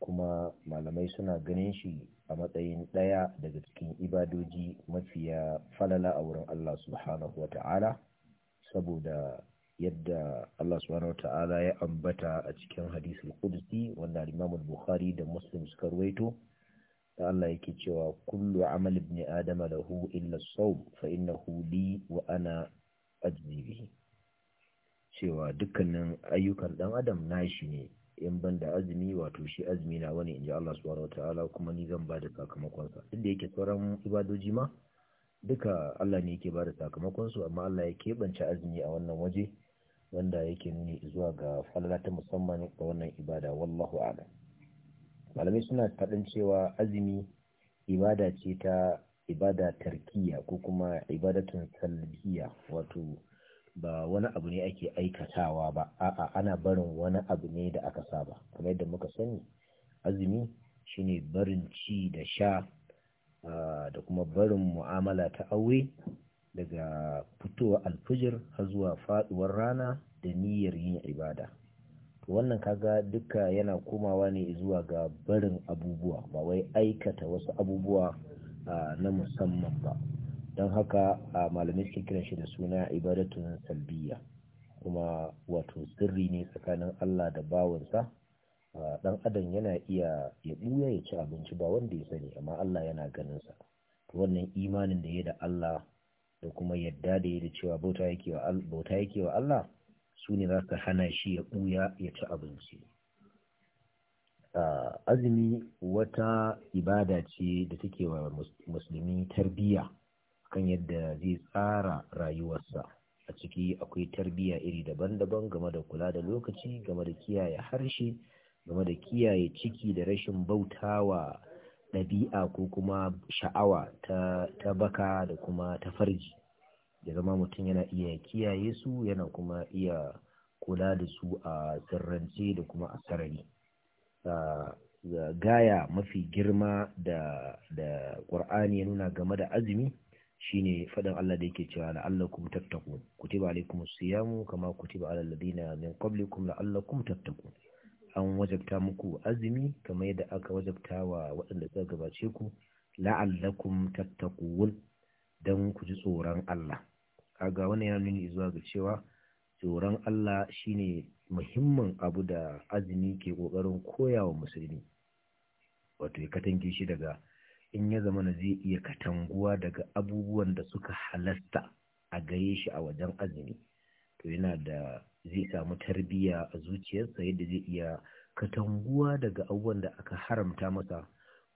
kuma malamai suna ganin shi a matsayin ɗaya daga cikin ibadoji mafiya falala a wurin Allah subhanahu wa ta'ala saboda yadda Allah subhanahu wa ta'ala ya ambata a cikin hadisul qudsi wanda Imam Bukhari da Muslim suka ruwaito da Allah yake cewa kullu amal ibn adama lahu illa as-sawm fa innahu li wa ana ajzi bihi cewa dukkanin ayyukan dan adam nashi ne in ban da azumi wato shi azumi na wani ji Allah subhanahu ta'ala kuma ni zan bada sakamakonsa, duk da yake sauran ibadoji ma duka Allah ne yake bada sakamakon su amma Allah ya keɓance azumi a wannan waje wanda yake nuni zuwa ga falala ta musamman ga wannan ibada wallahu a'lam malamai suna faɗin cewa azumi ibada ce ta ibada tarkiya ko kuma ibadatun salbiya wato ba wani abu ne ake aikatawa ba a'a ana barin wani abu ne da aka saba kamar yadda muka sani azumi shine barin ci da sha da kuma barin mu'amala ta aure daga fitowa alfijir har zuwa faduwar rana da niyyar yin ibada to wannan kaga duka yana komawa ne zuwa ga barin abubuwa ba wai aikata wasu abubuwa na musamman ba don haka a malamai suke kiran shi da suna ibadatun salbiya kuma wato sirri ne tsakanin Allah da bawansa dan adam yana iya ya buya ya ci abinci ba wanda ya sani amma Allah yana ganin sa wannan imanin da ya da Allah da kuma yadda da ya da cewa bauta yake wa bauta yake wa Allah su ne za su hana shi ya buya ya ci abinci azumi wata ibada ce da take wa musulmi tarbiyya kan yadda zai tsara rayuwarsa a ciki akwai tarbiyya iri daban-daban game da kula da lokaci game da kiyaye harshe game da kiyaye ciki da rashin bautawa ɗabi'a ko kuma sha'awa ta, ta baka da kuma ta farji ya zama mutum yana iya kiyaye su yana kuma iya kula da su a sirrance da kuma a sarari gaya mafi girma da da ƙur'ani ya nuna game da azumi shine fadan Allah da yake cewa la'allakum tattaqun kutiba alaykumus siyamu kama kutiba alal ladina min qablikum la'allakum tattaqun an wajabta muku azumi kamar yadda aka wajabta wa waɗanda suka gabace ku la'allakum tattaqun dan ku ji tsoron Allah kaga wannan yana nuni zuwa ga cewa tsoron Allah shine muhimmin abu da azumi ke kokarin koyawa musulmi wato ya katange shi daga in ya zama na zai iya katanguwa daga abubuwan da suka halasta a gaye shi a wajen azumi to yana da zai samu tarbiyya a zuciyarsa yadda zai iya katanguwa daga abubuwan da aka haramta masa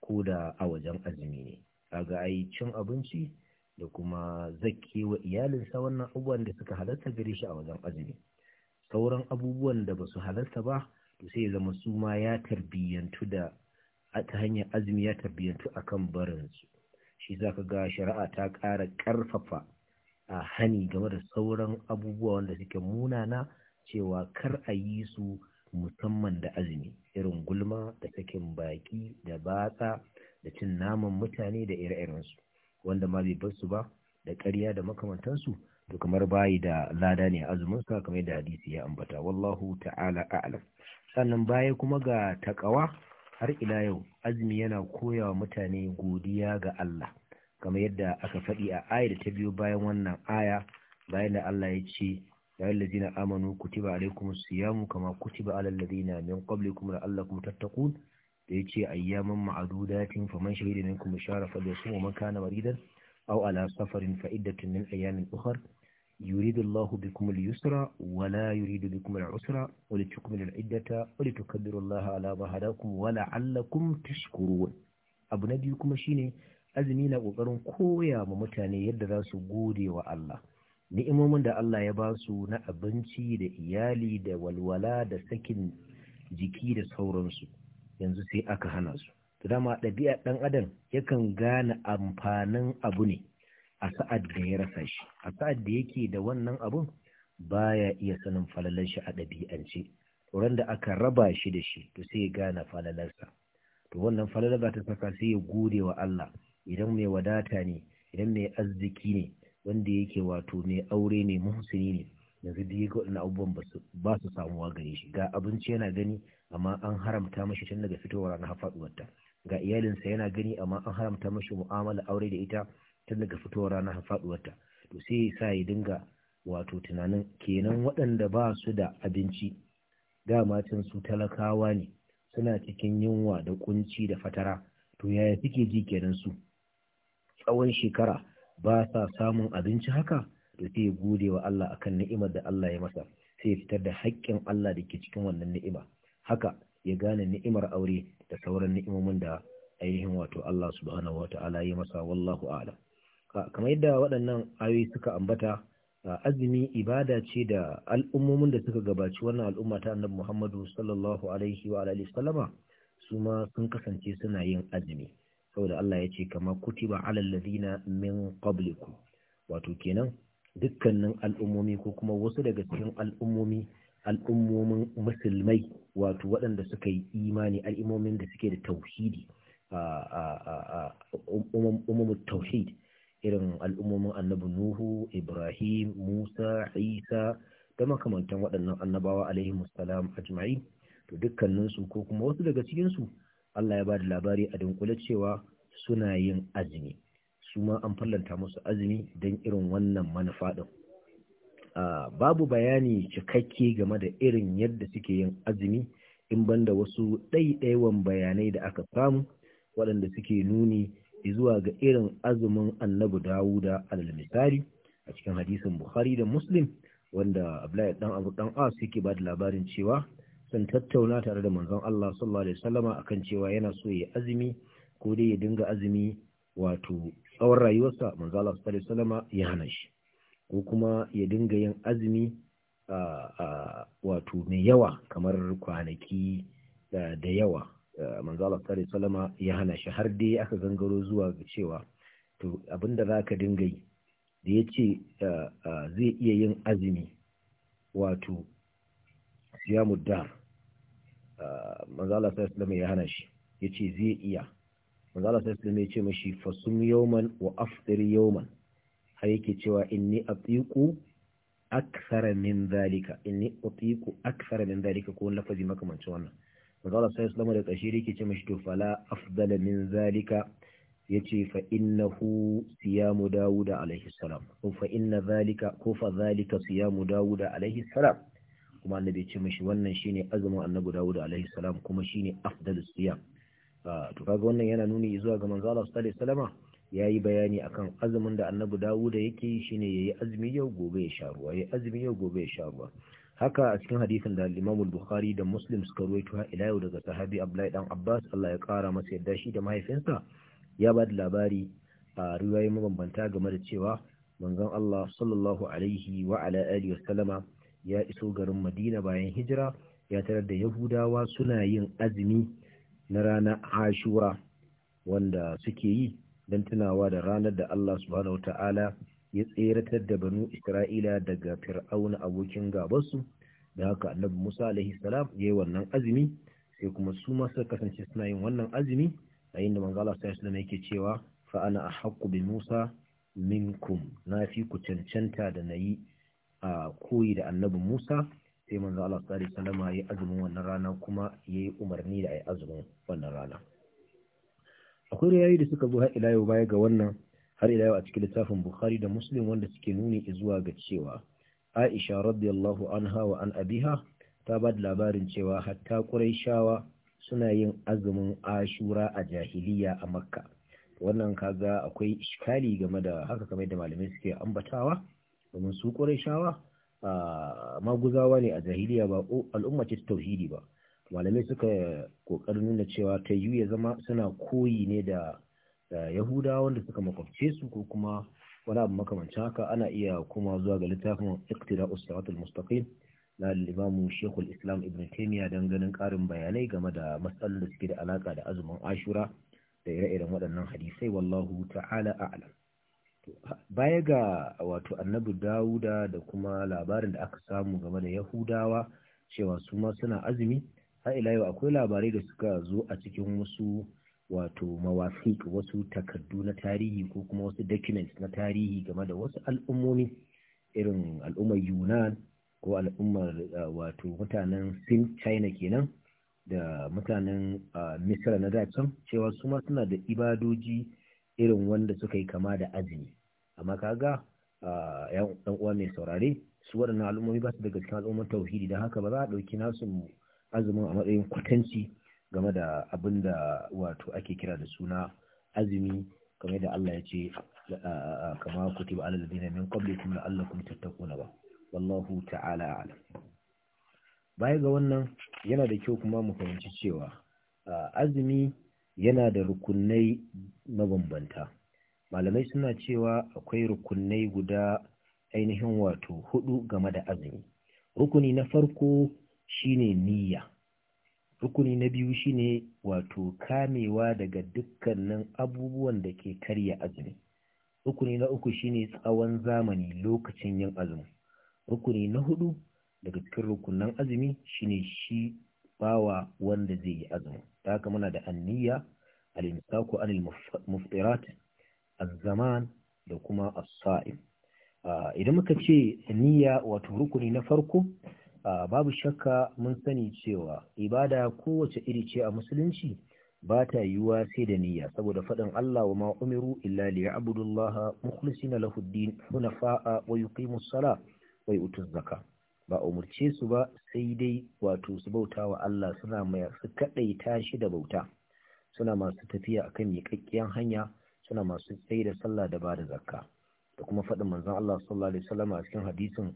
ko da a wajen azumi ne a ai cin abinci da kuma zake wa iyalinsa wannan abubuwan da suka halasta gare shi a wajen azumi sauran abubuwan da ba su halasta ba to sai ya zama su ma ya tarbiyyantu da ta hanyar azumi ya tabbiyantu kan barinsu shi za ka ga shari'a ta ƙara ƙarfafa a hani game da sauran abubuwa wanda suke munana cewa kar a yi su musamman da azumi irin gulma da sakin baki da batsa da cin naman mutane da ire-irensu wanda ma zai bar su ba da ƙarya da makamantansu to kamar bayi da lada ne azumin sa, kamar da hadisi ya ambata wallahu ta'ala a'lam sannan baya kuma ga takawa har ila yau azumi yana koya wa mutane godiya ga Allah kamar yadda aka faɗi a da ta biyo bayan wannan aya bayan da Allah ya ce ya yi lazina amanu kutiba alaikum siyamu kama kutiba alal lazina min qablikum la'allakum tattaqun da ya ce ayyaman ma'adudatin faman shahida minkum shara fa da su man kana maridan aw ala safarin fa iddatun min ayamin ukhra يريد الله بكم اليسر ولا يريد بكم العسر ولتكملوا العدة ولتكبروا الله على ظهركم ولعلكم تشكرون abu na biyu kuma shine azumi na kokarin koya ma mutane yadda za su gode wa Allah ni'imomin da Allah ya ba su na abinci da iyali da walwala da sakin jiki da sauransu yanzu sai aka hana su dama ɗabi'a ɗan adam yakan gane amfanin abu ne a sa'ad da ya rasa shi a sa'ad da yake da wannan abun baya iya sanin falalar shi a ɗabi'ance ran da aka raba shi da shi to sai ya gane falalarsa to wannan falalar za ta saka sai ya gode wa Allah idan mai wadata ne idan mai arziki ne wanda yake wato mai aure ne muhsini ne yanzu da yake waɗannan abubuwan ba su samuwa gare shi ga abinci yana gani amma an haramta mashi tun daga fitowar na faɗuwarta ga iyalinsa yana gani amma an haramta mashi mu'amala aure da ita tun daga fitowar rana har faduwarta to sai sa ya dinga wato tunanin kenan waɗanda ba su da abinci dama can su talakawa ne suna cikin yunwa da kunci da fatara to yaya suke ji kenan su tsawon shekara ba sa samun abinci haka to sai ya gode wa Allah akan ni'imar da Allah ya masa sai ya fitar da haƙƙin Allah da ke cikin wannan ni'ima haka ya gane ni'imar aure da sauran ni'imomin da ainihin wato Allah subhanahu wa ta'ala ya masa wallahu a'lam kamar yadda waɗannan ayoyi suka ambata azumi ibada ce da al'ummomin da suka gabaci wannan al'umma ta annabi Muhammadu sallallahu alaihi wa alihi sallama su ma sun kasance suna yin azumi saboda Allah ya ce kama kutiba alal ladina min qablikum wato kenan dukkanin al'ummomi ko kuma wasu daga cikin al'ummomi al'ummomin musulmai wato waɗanda suka yi imani al'ummomin da suke da tauhidi umumul tauhid irin al'ummomin annabi nuhu ibrahim musa isa da makamantan waɗannan annabawa alaihi a jima'i? to dukkaninsu ko kuma wasu daga cikinsu allah ya ba da labari a dunkule cewa suna yin azumi su ma an fallanta musu azumi don irin wannan manufa ɗin babu bayani cikakke game da irin yadda suke yin azumi in banda wasu ɗaiɗaiwan bayanai da aka samu waɗanda suke nuni zuwa ga irin azumin annabi dawuda al-misari a cikin hadisin bukhari da muslim wanda abdullahi dan abu dan as yake ba da labarin cewa sun tattauna tare da manzon Allah sallallahu alaihi wasallama akan cewa yana so ya azumi ko dai ya dinga azumi wato tsawon rayuwarsa manzon Allah sallallahu alaihi wasallama ya hana shi ko kuma ya dinga yin azumi wato mai yawa kamar kwanaki da yawa manzo Allah sallallahu alaihi ya hana shi har dai aka zangaro zuwa ga cewa to abinda zaka dinga yi da yace zai iya yin azumi wato siyamu dar manzo Allah sallallahu alaihi ya hana shi yace zai iya manzo Allah sallallahu alaihi ya ce mashi fasum yawman wa aftir yawman har yake cewa inni atiqu akthara min dhalika inni atiqu akthara min zalika, ko lafazi makamancin wannan magana sai islamu da kashi yake ce mashi to fala afdala min zalika yace fa hu siyamu dawud alaihi salam ko fa inna zalika ko fa zalika siyamu dawud alaihi salam kuma annabi ya ce mashi wannan shine azumin annabu dawud alaihi salam kuma shine afdalus siyam ah, to kaga wannan yana nuni zuwa ga manzo Allah sallallahu alaihi wasallama yayi bayani akan azumin da annabi dawud yake shi ne ya yi azumi yau gobe ya sha ruwa ya yi azumi yau gobe ya sha ruwa haka a cikin hadisin da Imam Bukhari da Muslim suka ruwaito har ila yau daga sahabi Abdullahi dan Abbas Allah ya kara masa yadda shi da mahaifinsa ya ba da labari a riwayoyi mabambanta game da cewa manzon Allah sallallahu alaihi wa ala alihi wa sallama ya iso garin Madina bayan hijira ya tarar da Yahudawa suna yin azumi na rana Ashura wanda suke yi don tunawa da ranar da Allah subhanahu wa ta'ala ya tseratar da banu isra'ila daga fir'auna abokin gabansu da haka annabi musa alaihi salam ya yi wannan azumi sai kuma su ma suka kasance suna yin wannan azumi a yin da manzala sai islam yake cewa fa ana ahqqu bi musa minkum na fi ku cancanta da nayi a koyi da annabi musa sai manzo Allah sallallahu alaihi wasallam azumin wannan rana kuma yayi umarni da ayi azumin wannan rana akwai riwayoyi da suka zo har ila yau baya ga wannan har ila yau a cikin littafin Bukhari da Muslim wanda suke nuni zuwa ga cewa Aisha radiyallahu anha wa an abiha ta ba da labarin cewa hatta Qurayshawa suna yin azumin Ashura a jahiliya a Makka wannan kaga akwai iskali game da haka kamar da malamai suke ambatawa domin su Qurayshawa maguzawa ne a jahiliya ba al'umma ce tauhidi ba malamai suka kokarin nuna cewa ta ya zama suna koyi ne da yahudawa wanda suka makwabce su ko kuma wani abu makamancin haka ana iya kuma zuwa ga littafin iqtida usratul mustaqim na limamu shekul islam ibn taimiyya don ganin karin bayanai game da matsalar da suke da alaka da azumin ashura da ire-iren waɗannan hadisai wallahu ta'ala a'lam baya ga wato annabi dawuda da kuma labarin da aka samu game da yahudawa cewa su ma suna azumi har ila yau akwai labarai da suka zo a cikin wasu wato mawasik wasu takardu na tarihi ko kuma wasu documents na tarihi game da wasu al'ummomi irin al'ummar yunan ko al'ummar wato mutanen sin china kenan da mutanen misra na da can cewa su ma suna da ibadoji irin wanda suka yi kama da azumi amma kaga yan uwa mai saurare su waɗannan al'ummomi ba su daga cikin al'ummar tauhidi da haka ba za a ɗauki nasu azumin a matsayin kwatanci game da abin da wato ake kira da suna azumi kamar da Allah ya ce ah, ah, ah, kama kutiba alal ladina min qablikum la'allakum tattaquna ba wallahu ta'ala a'lam baya ga wannan yana da kyau kuma mu fahimci cewa azumi yana da rukunai mabambanta malamai suna cewa akwai rukunai guda ainihin wato hudu game da azumi rukuni na farko shine niyya rukuni na biyu shine wato kamewa daga dukkanin abubuwan da ke karya azumi rukuni na uku shine tsawon zamani lokacin yin azumi rukuni na hudu daga cikin rukunan azumi shine shi bawa wanda zai yi azumi ta haka muna da anniya al-imsaku anil muftirat az-zaman da kuma as-sa'im ah, idan muka ce niyya wato rukuni na farko babu shakka mun sani cewa ibada kowace iri ce a musulunci ba ta yiwuwa sai da niyya saboda faɗin Allah wa ma'umiru umiru illa li ya'budullaha mukhlisina lahu ad-din hunafa'a wa yuqimus sala wa umarce zaka ba umurce su ba sai dai wato su bauta wa Allah suna mai su kadaita shi da bauta suna masu tafiya akan miƙaƙƙiyar hanya suna masu tsaye da sallah da ba da zakka da kuma faɗin manzon Allah sallallahu alaihi wasallam a cikin hadisin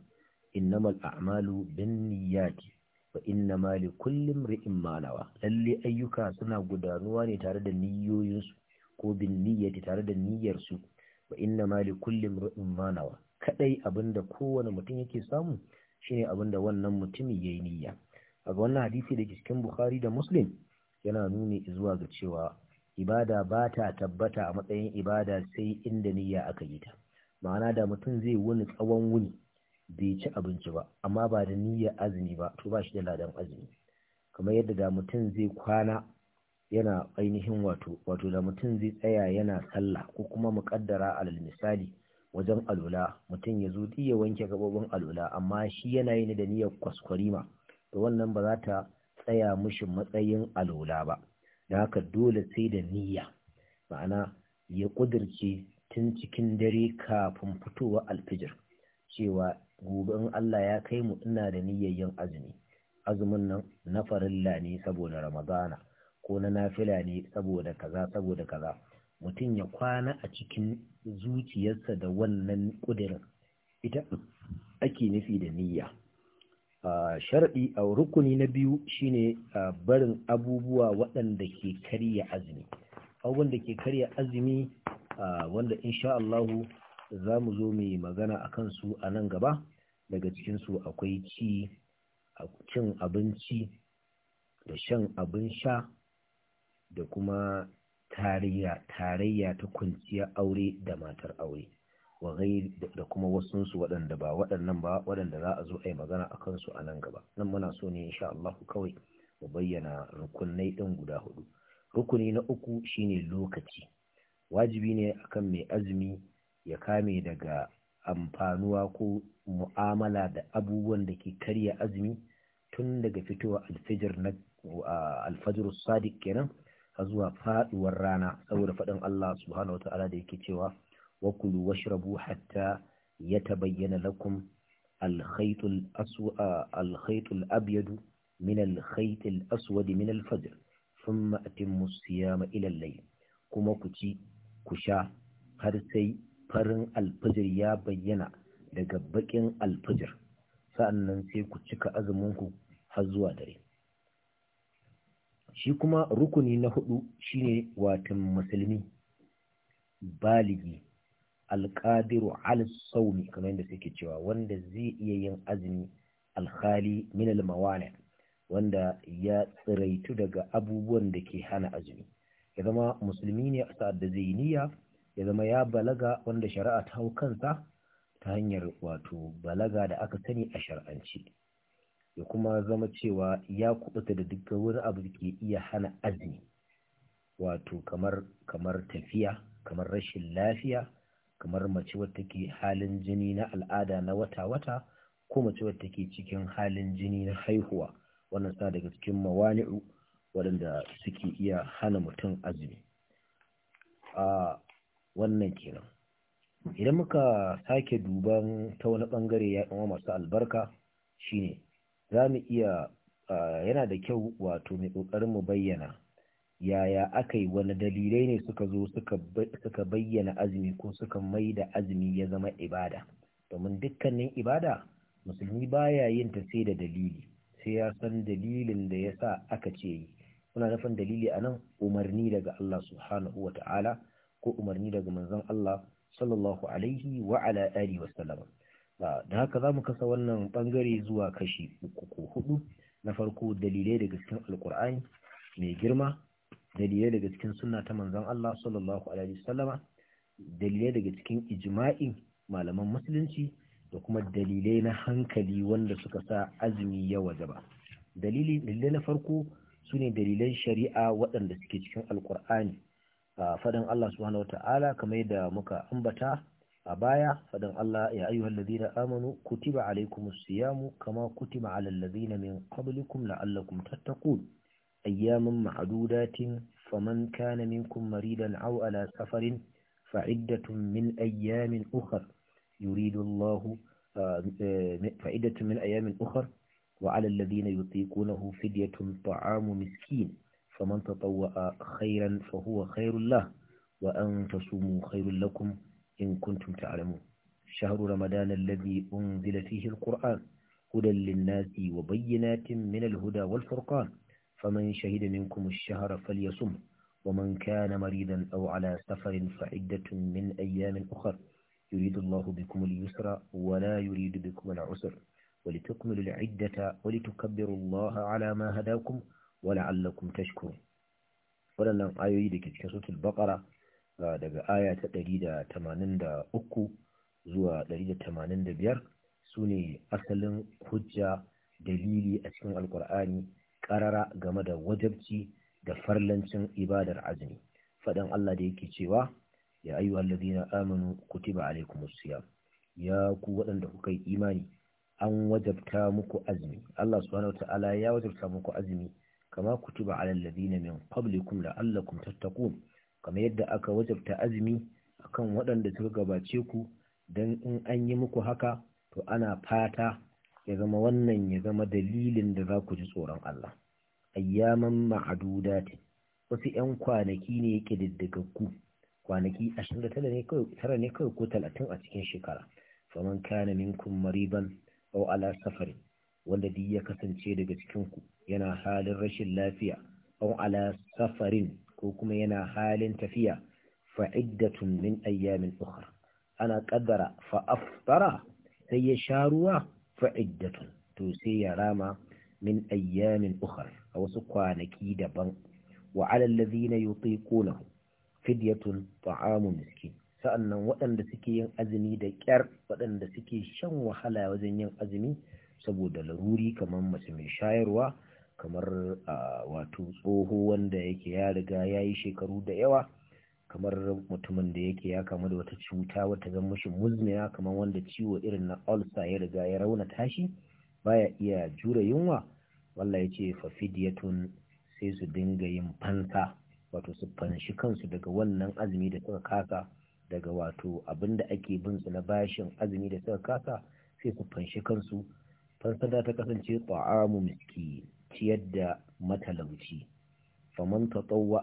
innamal a'malu binniyati wa innama likulli imri'in ma nawa lalle ayyuka suna gudanuwa ne tare da niyoyinsu ko binniyati tare da niyyar su wa innama likulli imri'in ma nawa kadai abinda kowane mutum yake samu shine abinda wannan mutumi yayi niyya a wannan hadisi da cikin Bukhari da Muslim yana nuni zuwa ga cewa ibada ba ta tabbata a matsayin ibada sai inda niyya aka yi ta ma'ana da mutum zai wuni tsawon wuni bai ci abinci ba amma ba da niyyar azumi ba to ba shi da ladan azumi kamar yadda da mutum zai kwana yana ainihin wato wato da mutum zai tsaya yana sallah ko kuma muƙaddara alal misali wajen alula mutum ya zo ya wanke gabobin alula amma shi yana yin da niyyar kwaskwarima to wannan ba za ta tsaya mishi matsayin alula ba da haka dole sai da niyya ma'ana ya ƙudirce tun cikin dare kafin fitowa alfijir cewa gobe in Allah ya kai mu ina da niyyar azumi azumin nan na farilla ne saboda ramadana ko na nafila ne saboda kaza saboda kaza mutum ya kwana a cikin zuciyarsa da wannan ƙudirin ita ake nufi da niyya sharadi a rukuni na biyu shine barin abubuwa waɗanda ke karya azumi abubuwan da ke karya azumi wanda insha Allahu za mu zo mu yi magana a kansu a nan gaba daga cikinsu akwai ci cin abinci da shan abin sha da kuma tarayya ta kwanciya aure da matar aure da kuma su waɗanda ba waɗannan ba waɗanda za a zo a yi magana a kansu a nan gaba nan muna so ne insha Allah kawai mu bayyana rukunai ɗin guda hudu rukuni na uku shine lokaci wajibi ne akan mai azumi ya kame daga amfanuwa ko mu'amala da abubuwan da ke karya azumi tun daga fitowa alfijir na alfajir sadiq kenan a zuwa faduwar rana saboda faɗin Allah subhanahu wata'ala da yake cewa wa kulu washrabu hatta ya lakum bayyana khaytul aswa al abyadu min al aswadi min al-fajr thumma atimmu siyama ila al-layl kuma ku ci ku sha har sai farin alfijir ya bayyana daga bakin alfijir sa'annan sai ku cika azuminku har zuwa dare shi kuma rukuni na hudu shine watan musulmi baligi alƙadiru ala sawmi kamar yadda suke cewa wanda zai iya yin azumi alkhali min almawani wanda ya tsiraitu daga abubuwan da ke hana azumi ya zama musulmi ne a sa'ad da zai niyya ya zama ya balaga wanda shari'a ta hau kansa ta hanyar wato balaga da aka sani a shar'anci ya kuma zama cewa ya kubuta da dukkan wani abu da ke iya hana azumi wato kamar kamar tafiya kamar rashin lafiya kamar mace wadda ke halin jini na al'ada na wata-wata ko mace wadda take cikin halin jini na haihuwa wannan sa daga cikin mawani'u waɗanda suke iya hana mutum azumi ah, wannan kenan idan muka sake duban ta wani bangare ya ɗanwa masu albarka shine za mu iya ah, yana da kyau wato mai ƙoƙarin mu bayyana yaya aka yi wani dalilai ne suka zo suka bayyana azumi ko suka mai da azumi ya zama ibada domin dukkanin ibada musulmi baya yin ta sai da dalili sai ya san dalilin da ya sa aka ce yi dafan nufin dalili a nan umarni daga Allah subhanahu wa ta'ala ko umarni daga manzon Allah sallallahu alaihi wa ala alihi wa sallam da haka zamu kasa wannan bangare zuwa kashi uku ko hudu na farko dalilai daga cikin alkur'ani mai girma dalilai daga cikin sunna ta manzon Allah sallallahu alaihi sallama), dalilai daga cikin ijma'in malaman musulunci da kuma dalilai na hankali wanda suka sa azumi ya wajaba dalilai na farko sune dalilan shari'a waɗanda suke cikin alkur'ani fadin Allah subhanahu wata'ala kamar yadda muka ambata a baya fadin Allah ya ayyuhal ladina amanu kutiba alaikumus siyamu kama kutiba alal ladina min qablikum la'allakum tattaqun ayyaman ma'dudatin faman kana minkum maridan aw ala safarin fa'iddatun min ayyamin ukhra yuridu Allahu fa'idatun min ayyamin ukhra وعلى الذين يطيقونه فدية طعام مسكين فمن تطوع خيرا فهو خير له وأن تصوموا خير لكم إن كنتم تعلمون شهر رمضان الذي أنزل فيه القرآن هدى للناس وبينات من الهدى والفرقان فمن شهد منكم الشهر فليصم ومن كان مريضا أو على سفر فعدة من أيام أخر يريد الله بكم اليسر ولا يريد بكم العسر ولتكملوا العدة ولتكبروا الله على ما هداكم wala allakum tashkurun waɗannan ayoyi da ke cikin suratul bakara daga aya ta 183 zuwa 185 sune asalin hujja dalili a cikin alkur'ani ƙarara game da wajabci da farlancin ibadar azumi faɗin Allah da yake cewa ya ayyuhal ladina amanu kutiba alaikum siyam ya ku waɗanda kuka yi imani an wajabta muku azumi Allah subhanahu ya wajabta muku azumi kama kutuba alal ladina min qablikum la'allakum tattaqun kamar yadda aka wajabta azumi akan waɗanda suka gabace ku dan in an yi muku haka to ana fata ya zama wannan ya zama dalilin da za ku ji tsoron Allah ayyaman ce. wasu 'yan kwanaki ne ƙididdigaggu kwanaki 29 ne kawai ko 30 a cikin shekara faman kana minkum mariban aw ala safarin wanda duk ya kasance daga cikinku yana halin rashin lafiya aw ala safarin ko kuma yana halin tafiya fa'iddatun min ayyamin ukhra ana kaddara fa aftara sai ya sha ruwa fa to sai ya rama min ayyamin ukhra a wasu kwanaki daban wa ala alladhina yutiqunahu fidyatun ta'amu miskin sa'annan waɗanda suke yin azumi da ƙyar waɗanda suke shan wahala wajen yin azumi saboda laruri kamar mace mai shayarwa kamar wato tsoho wanda yake ya riga ya yi shekaru da yawa kamar mutumin da yake ya kamu da wata cuta wata zan mashi muzmiya kamar wanda ciwo irin na ulcer ya riga ya rauna tashi baya iya jure yunwa wallahi yace fa fafidiyatun sai su dinga yin fansa wato su fanshi kansu daga wannan azumi da suka kasa daga wato abinda ake bin na bashin azumi da suka kasa sai su fanshi kansu fansada ta kasance ta'amu miski ciyar da matalauci faman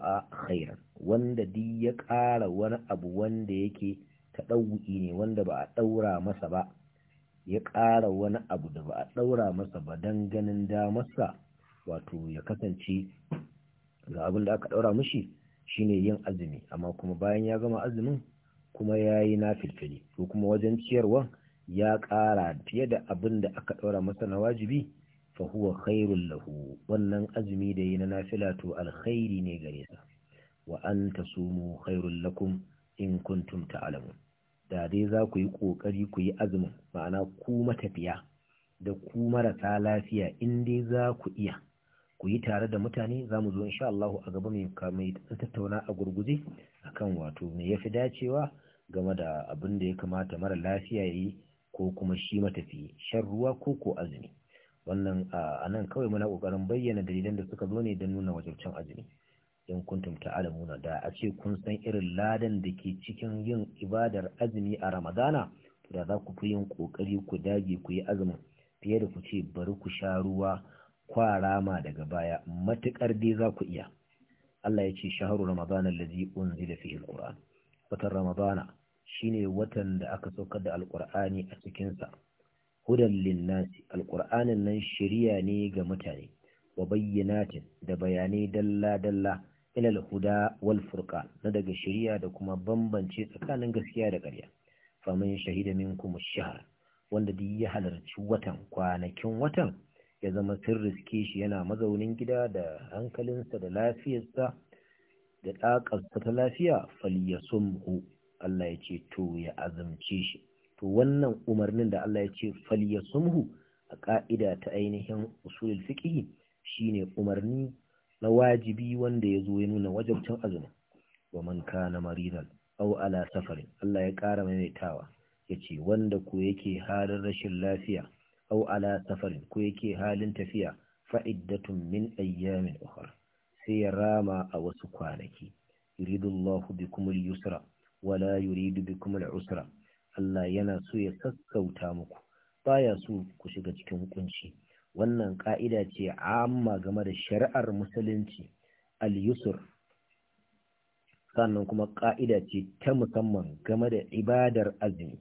a khairan wanda di ya ƙara wani abu wanda yake ta ɗau'i ne wanda ba a ɗaura masa ba ya ƙara wani abu da ba a ɗaura masa ba don ganin damarsa wato ya kasance ga abin da aka ɗaura shi shine yin azumi amma kuma bayan ya gama azumin kuma ya yi na filfili ko kuma wajen ciyarwa ya ƙara fiye da abin da aka ɗaura masa na wajibi fa huwa khairul lahu wannan azumi da yi na nafila to alkhairi ne gare sa wa an tasumu khairul lakum in kuntum ta'lamun da dai za ku yi kokari ku yi azumin ma'ana ku matafiya da ku marasa lafiya in dai za ku iya ku yi tare da mutane za mu zo insha Allah a gaba mai tattauna a gurguje akan wato me yafi dacewa game da abin da ya kamata mara lafiya yi ko kuma shi matafi shan ruwa ko ko azumi wannan a nan kawai muna kokarin bayyana dalilan da suka zo ne don nuna wajabcin azumi in kuntum alamuna, da a ce kun san irin ladan da ke cikin yin ibadar azumi a ramadana da za ku fi yin kokari ku dage ku yi azumin fiye da ku ce bari ku sha ruwa kwarama daga baya matukar dai za ku iya Allah ya ce shaharu ramadana allazi unzila fihi alquran watan ramadana shine watan da aka saukar da Alƙur'ani a cikinsa. hudan linnasi nan shiriya ne ga mutane wa bayyinatin da bayanai dalla dalla ila alhuda wal furqa na daga shiriya da kuma bambance tsakanin gaskiya da ƙarya famin shahida minkum ash-shahr wanda duk ya halarci watan kwanakin watan ya zama sirriske shi yana mazaunin gida da hankalinsa da lafiyarsa da ɗakarsa ta lafiya falyasumhu Allah ya ce to ya azumce shi to wannan umarnin da Allah ya ce falyasumhu a ka'ida ta ainihin usulul fiqh shine umarni na wajibi wanda ya zo ya nuna wajabcin azumi wa man kana maridan aw ala safarin Allah ya ƙara maimaitawa yace wanda ko yake halin rashin lafiya aw ala safarin ko yake halin tafiya iddatun min ayyamin ukhra sai ya rama a wasu kwanaki Allahu bikumul yusra wala yuridu bikum al-usra Allah yana so ya sassauta muku baya so ku shiga cikin hukunci. wannan ka'ida ce amma game da shari'ar musulunci al-yusr sannan kuma ka'ida ce ta musamman game da ibadar azumi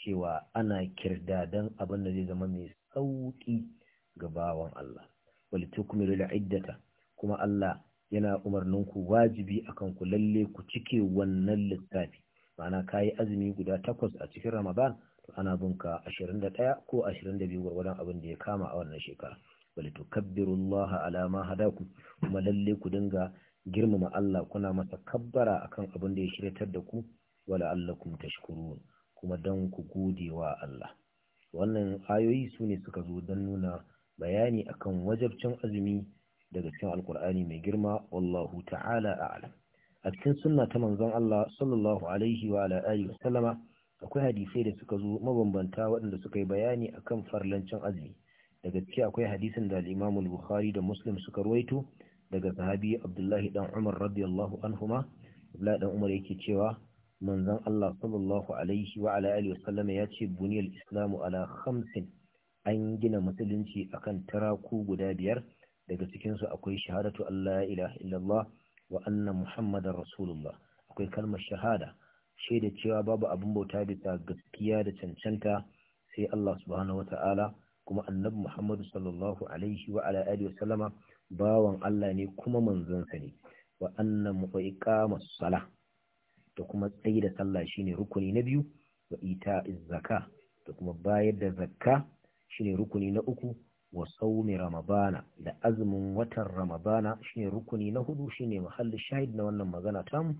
cewa ana kirdadan abin da zai zama mai sauƙi ga bawan Allah wal tukmilu iddata kuma Allah yana umarninku wajibi akan ku lalle ku cike wannan littafi ma'ana kayi azumi guda takwas a cikin ramadan to ana bin ka 21 ko 22 gwargwadon abin da ya kama a wannan shekara bal tukabbirullaha ala ma hadakum kuma lalle ku dinga girmama Allah kuna masa kabbara akan abin da ya shiryatar da ku wala allakum tashkurun kuma dan ku gode wa Allah wannan ayoyi su ne suka zo don nuna bayani akan wajabcin azumi daga cikin alkur'ani mai girma wallahu ta'ala a'lam a cikin sunna ta manzon Allah sallallahu alaihi wa ala alihi wa sallama akwai hadisai da suka zo mabambanta waɗanda suka yi bayani akan farlancin azumi daga ciki akwai hadisin da al-Imam al-Bukhari da Muslim suka ruwaito daga sahabi Abdullahi dan Umar radiyallahu anhuma dan Umar yake cewa manzon Allah sallallahu alaihi wa ala alihi wa sallama ya ce buniyal islamu ala khamsin an gina musulunci akan taraku guda biyar daga cikinsu akwai shahadatu Allah ilaha illallah wa anna muhammadar rasulullah akwai kalmar shahada shaida cewa babu abin bauta bisa gaskiya da cancanta sai Allah subhanahu kuma annabi muhammadu sallallahu alaihi wa bawan Allah ne kuma manzansa ne wa anna masu sala da kuma tsayi da sallah shine rukuni na biyu wa ita'iz zakka da kuma bayar da zakka shine rukuni na uku wa saumi ramadana da azumin watan ramadana shine rukuni na hudu shine mahallin shahid na wannan magana tamu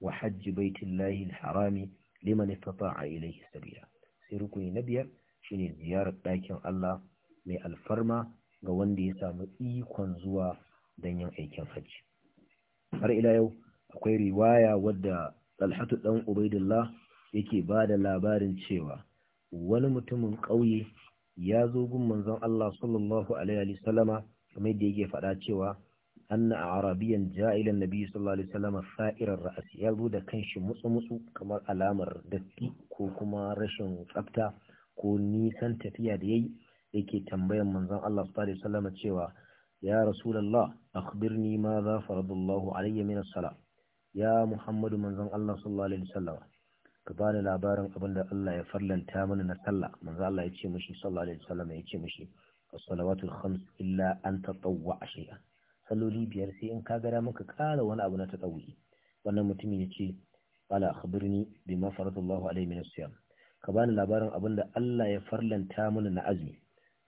wa hajji baitullahi harami liman istata'a ilayhi sabila sai rukuni na biyar shine ziyarar ɗakin Allah mai alfarma ga wanda ya samu ikon zuwa don yin aikin hajji har ila yau akwai riwaya wadda Talhatu dan Ubaidullah yake ba da labarin cewa wani mutumin ƙauye ya zo gun manzon Allah sallallahu alaihi wa sallama kamar da yake faɗa cewa anna arabiyan ja'ilan nabi sallallahu alaihi wa wasallam sa'irar ra'asi ya zo da kanshi mutsu mutsu kamar alamar datti ko kuma rashin tsafta ko nisan tafiya da yayi yake tambayan manzon Allah sallallahu alaihi wa wasallam cewa ya rasulullah akhbirni ma za faradallahu alayya min as-salat ya muhammadu manzon Allah sallallahu alaihi wa wasallam ka bani labarin abin da Allah ya farlanta mana na sallah manzo Allah ya ce mishi sallallahu alaihi wasallam ya ce mishi as-salawatul khams illa an tatawwa shay'an salloli biyar sai in ka ga maka ƙara wani abu na tatawwi wannan mutumin ya ce ala akhbirni bima faradallahu alaihi min as-siyam ka bani labarin abin da Allah ya farlanta mana na azumi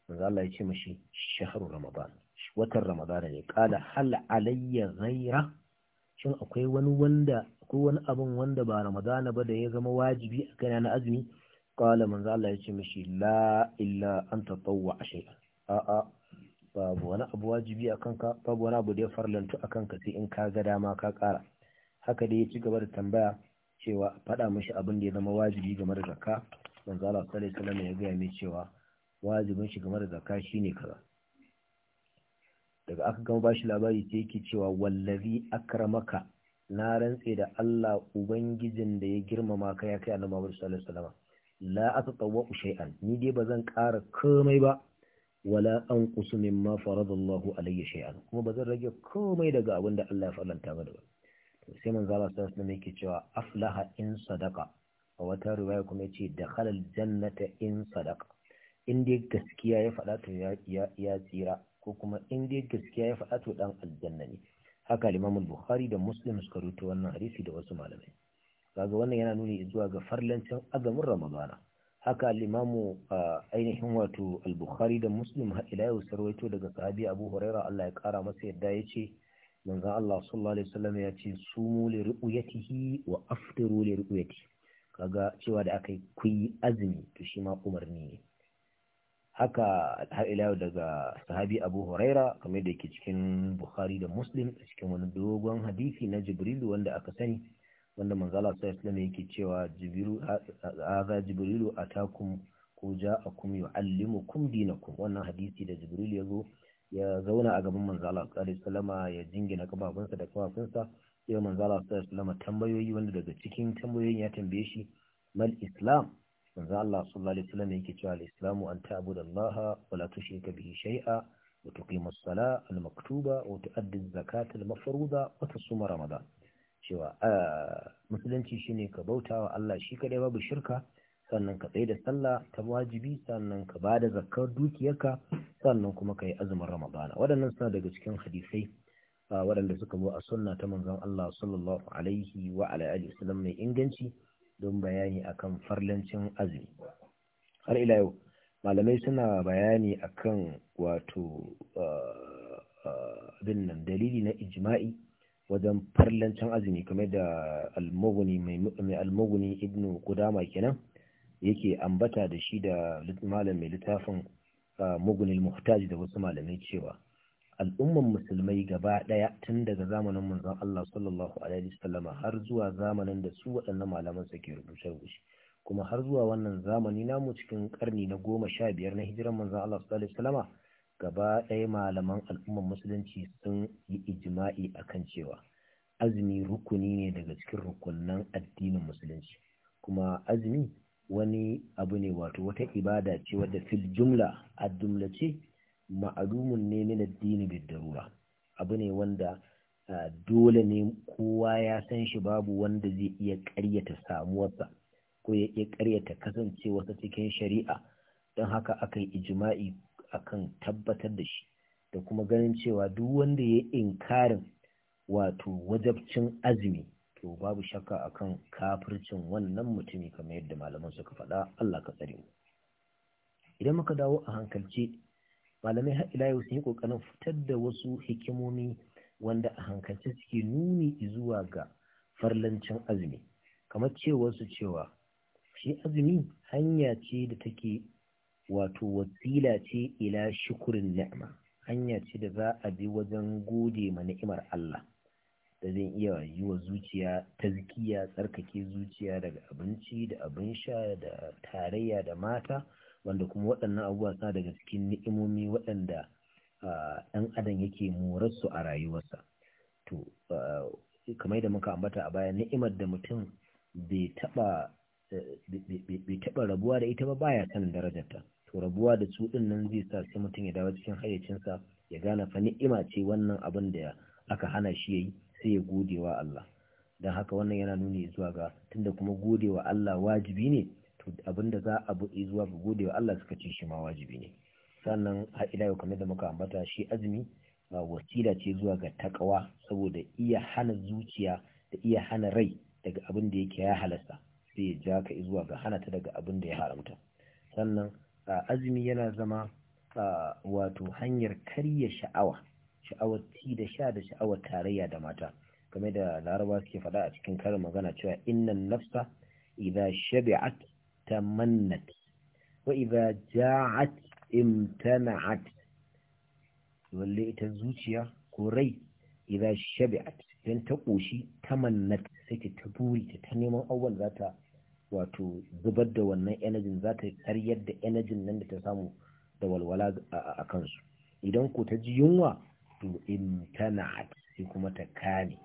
manzo Allah ya ce mishi shahru ramadan watan ramadan ne qala hal alayya ghayra shin akwai wani wanda akwai wani abin wanda ba ramadana ba da ya zama wajibi a kana na azumi qala manzo Allah ya ce mishi la illa an tatawwa shay'a a a babu wani abu wajibi a kanka babu wani abu da ya farlantu a kanka sai in ka ga dama ka kara haka dai ya ci gaba da tambaya cewa faɗa mishi abin da ya zama wajibi game da zakka manzo Allah sallallahu alaihi wasallam ya ga mai cewa wajibin shi game da zakka shine kaza daga aka gama bashi labari sai yake cewa wallazi akramaka na rantse da Allah ubangijin da ya girmama ka ya kai annabi Muhammad sallallahu alaihi wasallam la atatawwa shay'an ni dai bazan ƙara komai ba wala anqusu mimma faradallahu alayya shay'an kuma bazan rage komai daga abin da Allah ya farlanta mana ba to sai manzo Allah sallallahu alaihi wasallam yake cewa aflaha in sadaqa a wata riwaya kuma yace dakhala aljannata in sadaqa in dai gaskiya ya faɗa to ya ya tsira ko kuma in dai gaskiya ya faɗa to dan aljanna ne haka limamul bukhari da muslim suka rubuta wannan hadisi da wasu malamai kaga wannan yana nuni zuwa ga farlancin azumin ramadana haka limamu ah, ainihin wato al-bukhari da muslim har ila yau sarwaito daga sahabi abu huraira Allah ya kara masa yadda ya ce manzon Allah sallallahu alaihi wasallam ya ce sumu li ru'yatihi wa aftiru li ru'yatihi kaga cewa da aka yi kuyi azumi to shi ma umarni ne haka har ila yau daga sahabi Abu Huraira kamar da yake cikin Bukhari da Muslim cikin wani dogon hadisi na Jibrilu wanda aka sani wanda manzala sai alaihi yake cewa Jibrilu aza Jibrilu atakum ko ja akum yu'allimukum dinakum wannan hadisi da Jibril ya zo ya zauna a gaban manzala sai alaihi ya jingina kafafunsa da kafafunsa sai manzala sai alaihi tambayoyi wanda daga cikin tambayoyin ya tambaye shi mal islam manzo Allah sallallahu alaihi wasallam yake cewa al-islamu an ta'budu Allah wa la tushrika bihi shay'a wa tuqimu as-salata al-maktuba wa tu'addi az-zakata al-mafruḍa wa tasuma ramadan cewa ah, musulunci shine ka bautawa Allah shi kadai babu shirka sannan ka tsaye da sallah ta wajibi sannan ka ba da zakar dukiyarka sannan kuma ka yi azumin ramadana waɗannan suna daga cikin hadisai ah, waɗanda suka zo a sunna ta manzon Allah sallallahu alaihi wa alihi wasallam mai inganci don bayani akan farlancin azumi har ila yau malamai suna bayani akan wato ah, ah, abin nan dalili na ijma'i wajen farlancin azumi kamar da almoguni mai almoguni ibnu kudama kenan yake ambata da shi da malam mai littafin ah, mugunil muhtaj da wasu malamai cewa al'umman musulmai gaba ɗaya tun daga zamanin manzon Allah sallallahu alaihi wasallam har zuwa zamanin da su waɗannan malaman suke rubuce rubuce kuma har zuwa wannan zamani namu cikin karni na goma sha biyar na hijiran manzon Allah sallallahu alaihi wasallam gaba ɗaya malaman al'umman musulunci sun yi ijma'i akan cewa azumi rukuni ne daga cikin rukunnan addinin musulunci kuma azumi wani abu ne wato wata ibada ce wadda fil jumla a ce. ma'alumun ne min addini bid darura abu ne wanda dole ne kowa ya san shi babu wanda zai iya ƙaryata samuwarsa ko ya iya ƙaryata kasancewarsa cikin shari'a don haka aka yi ijima'i akan tabbatar da shi da kuma ganin cewa duk wanda ya inkarin wato wajabcin azumi to babu shakka akan kafircin wannan mutumi kamar yadda malaman suka faɗa Allah ka tsare mu idan muka dawo a hankalce malamai har ila yau sun yi kokarin fitar da wasu hikimomi wanda a hankalce suke nuni zuwa ga farlancin azumi kamar cewa su cewa shi azumi hanya ce da take wato wasila ce ila shukurin ni'ma hanya ce da za a bi wajen gode ma ni'imar Allah da zai iya yi wa zuciya tazkiya tsarkake zuciya daga abinci da abin sha da tarayya da mata wanda kuma waɗannan abubuwa suna daga cikin ni'imomi waɗanda ɗan adam yake morarsu a rayuwarsa to kamar da muka ambata a baya ni'imar da mutum e, bai taɓa rabuwa da ita ba baya sanin darajarta to rabuwa da su ɗin nan zai sa sai mutum ya dawo cikin hayyacinsa ya gane fa ni'ima ce wannan abin da aka hana shi yayi sai ya gode wa Allah don haka wannan yana nuni zuwa ga tunda kuma gode wa Allah wajibi ne abinda za a buɗe zuwa ga gode wa Allah suka ce shi ma wajibi ne sannan a ila yau kamar da muka ambata shi azumi wasila ce zuwa ga takawa saboda iya hana zuciya da iya hana rai daga abin da yake ya halasta sai ya ja ka zuwa ga hana ta daga abin da ya haramta sannan azumi yana zama wato hanyar karya sha'awa sha'awar ci da sha da sha'awar tarayya da mata game da laraba suke faɗa a cikin karin magana cewa innan nafsa idza shabi'at tamannat wa idza ja'at imtana'at walle ita zuciya ko rai idza shabi'at dan ta koshi tamannat sai ta buri ta ta neman awwal za ta wato zubar da wannan energy za ta karyar da energy nan da ta samu da walwala a kansu idan ko ta ji yunwa to imtana'at sai kuma ta kame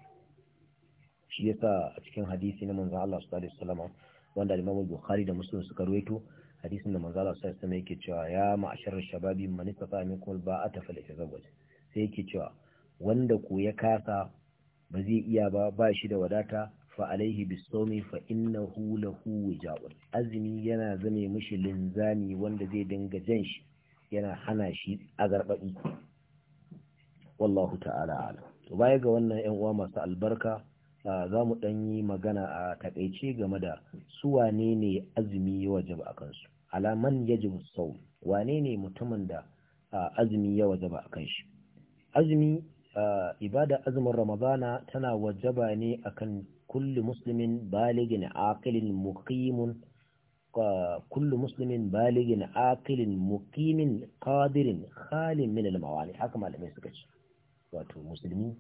shi yasa a cikin hadisi na manzon Allah sallallahu wanda Imam Bukhari da Muslim suka ruwaito hadisin da Manzala Allah sallallahu alaihi yake cewa ya ma'ashar shababi man istata minkum ba'ata falyatazawwaj sai yake cewa wanda ko ya kasa ba zai iya ba ba shi da wadata fa alaihi bisawmi fa innahu lahu wija'un azmi yana zame mishi linzami wanda zai dinga jan shi yana hana shi azarbaɗi wallahu ta'ala to baya ga wannan yan uwa masu albarka za mu ɗan yi magana a takaice game da su wane ne azumi ya wajaba a kansu alaman yajibu sau wane ne mutumin da azumi ya wajaba a kan shi azumi ibada azumin ramadana tana wajaba ne akan kulli muslimin baligin akilin mukimin kullu muslimin baligin akilin mukimin kadirin halin min al haka malamai suka ce wato musulmi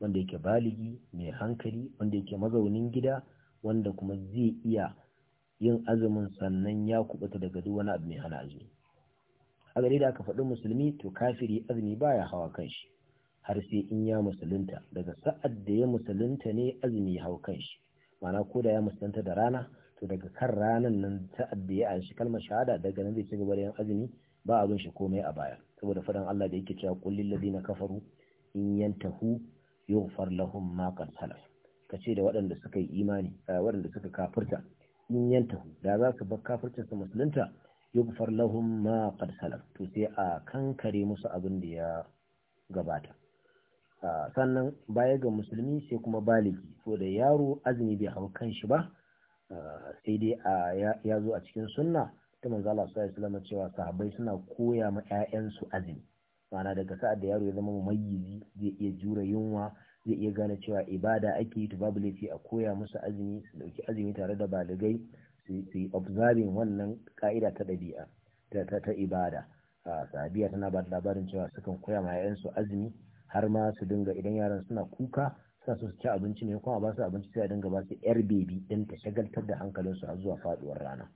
wanda yake baligi mai hankali wanda yake mazaunin gida wanda kuma zai iya yin azumin sannan ya kubuta daga duk wani abu mai hana azumi a gare da aka faɗi musulmi to kafiri azumi baya hawa kan shi har sai in ya musulunta daga sa'ad da ya musulunta ne azumi ya hau kan shi ma'ana ko da ya musulunta da rana to daga kan ranan nan sa'ad da ya anshi kalmar shahada daga nan zai ci gaba da yin azumi ba abin shi komai a baya saboda faɗin Allah da yake cewa kullil ladina kafaru in yantahu yughfar lahum ma qad salaf kace da waɗanda suka yi imani waɗanda suka kafirta in yanta da za su bar kafircin su musulunta yughfar lahum ma qad salaf to sai a kankare musu abin da ya gabata sannan baya ga musulmi sai kuma baligi so da yaro azumi bai hau kan shi ba sai dai ya zo a cikin sunna ta manzo Allah sallallahu alaihi wasallam cewa sahabbai suna koya ma 'ya'yansu azumi ma'ana daga sa'ad da yaro ya zama mamayyizi zai iya jura yunwa zai iya gane cewa ibada ake yi to babu laifi a koya musu azumi su dauki azumi tare da baligai su yi observing wannan ka'ida ta ɗabi'a ta ibada sabiya tana ba da labarin cewa sukan koya ma 'ya'yansu azumi har ma su dinga idan yaran suna kuka suna so su ci abinci ne kuma ba su abinci sai a dinga ba su yar bebi din ta shagaltar da hankalinsu a zuwa faɗuwar rana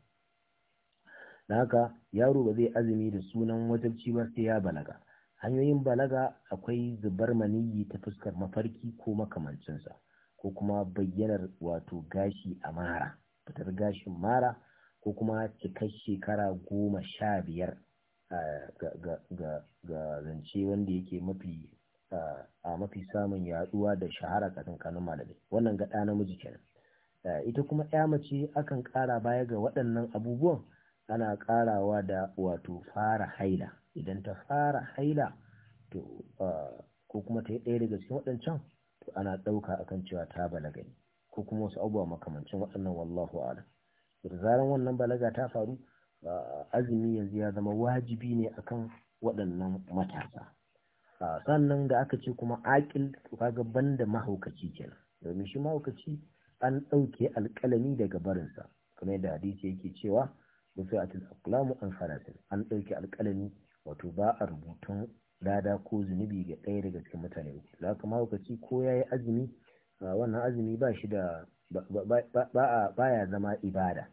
na haka yaro ba zai azumi da sunan wajabci ba sai ya balaga hanyoyin balaga akwai zubar maniyyi ta fuskar mafarki ko makamancinsa ko kuma bayyanar wato gashi a mara fitar gashin mara ko kuma cikar shekara goma sha biyar ga zance wanda yake mafi a mafi samun yaduwa da shahara kanun malamai wannan gaɗa ɗa namiji kenan ita kuma ya mace akan ƙara baya ga waɗannan abubuwan ana ƙarawa da wato fara haila idan ta fara haila to ko kuma ta yi ɗaya daga cikin waɗancan to ana ɗauka akan cewa ta balaga ne ko kuma wasu abubuwa makamancin waɗannan wallahu alam da zaran wannan balaga ta faru azumi yanzu ya zama wajibi ne akan waɗannan matasa sannan da aka ce kuma aƙil kaga da mahaukaci kenan domin shi mahaukaci an ɗauke alƙalami daga barinsa kamar da hadisi yake cewa rufi'atil aqlamu an salatin an ɗauki alƙalami wato ba a rubutun lada ko zunubi ga ɗaya daga cikin mutane uku la kama ko ya yi azumi wannan azumi ba shi da ba ya zama ibada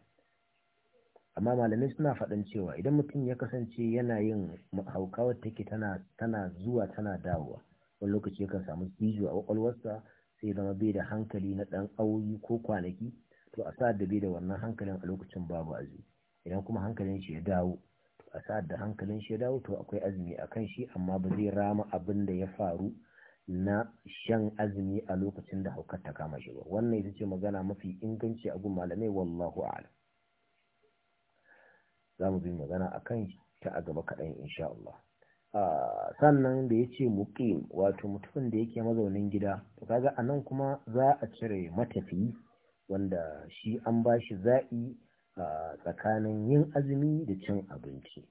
amma malamai suna faɗan cewa idan mutum ya kasance yana yin haukawar take tana tana zuwa tana dawowa wani lokaci yakan samu bijo a kwakwalwarsa sai zama bai da hankali na ɗan auyi ko kwanaki to a sa da bai da wannan hankalin a lokacin babu azumi idan kuma hankalin shi ya dawo a sa'ad da hankalin shi ya dawo to akwai azumi a kan shi amma ba zai rama abin da ya faru na shan azumi a lokacin da haukar ta kama shi ba wannan ita ce magana mafi inganci a gun malamai wallahu a'lam za mu bi magana a kan ta a gaba kaɗan insha Allah sannan da ya ce muqim wato mutumin da yake mazaunin gida to kaga anan kuma za a cire matafi wanda shi an bashi shi za'i tsakanin yin azumi da cin abinci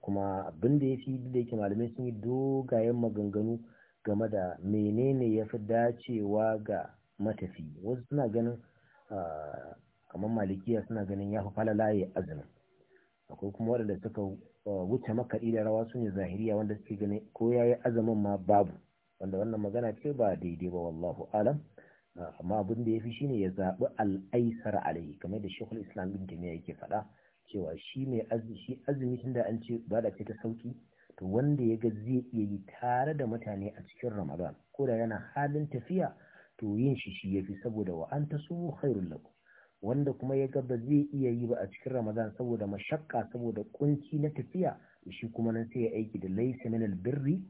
kuma abin da ya fi da yake malamai sun yi dogayen maganganu game da menene ya fi dacewa ga matafi wasu suna ganin kamar malikiya suna ganin ya fi falala ya azumi akwai kuma waɗanda suka wuce makaɗi da rawa su ne zahiriya wanda suke ganin ko ya yi azumin ma babu wanda wannan magana ce ba daidai ba wallahu alam amma abin da ya fi shine ya zaɓi al'aisar alaihi kamar da shekul islam bin jami'a yake faɗa cewa shi mai azumi azumi tun da an ce ba da ce ta sauki to wanda ya ga zai iya yi tare da mutane a cikin ramadan ko da yana halin tafiya to yin shi shi ya fi saboda wa an ta su khairun lakum wanda kuma ya ga ba zai iya yi ba a cikin ramadan saboda mashakka saboda kunci na tafiya shi kuma nan sai ya aiki da laysa min birri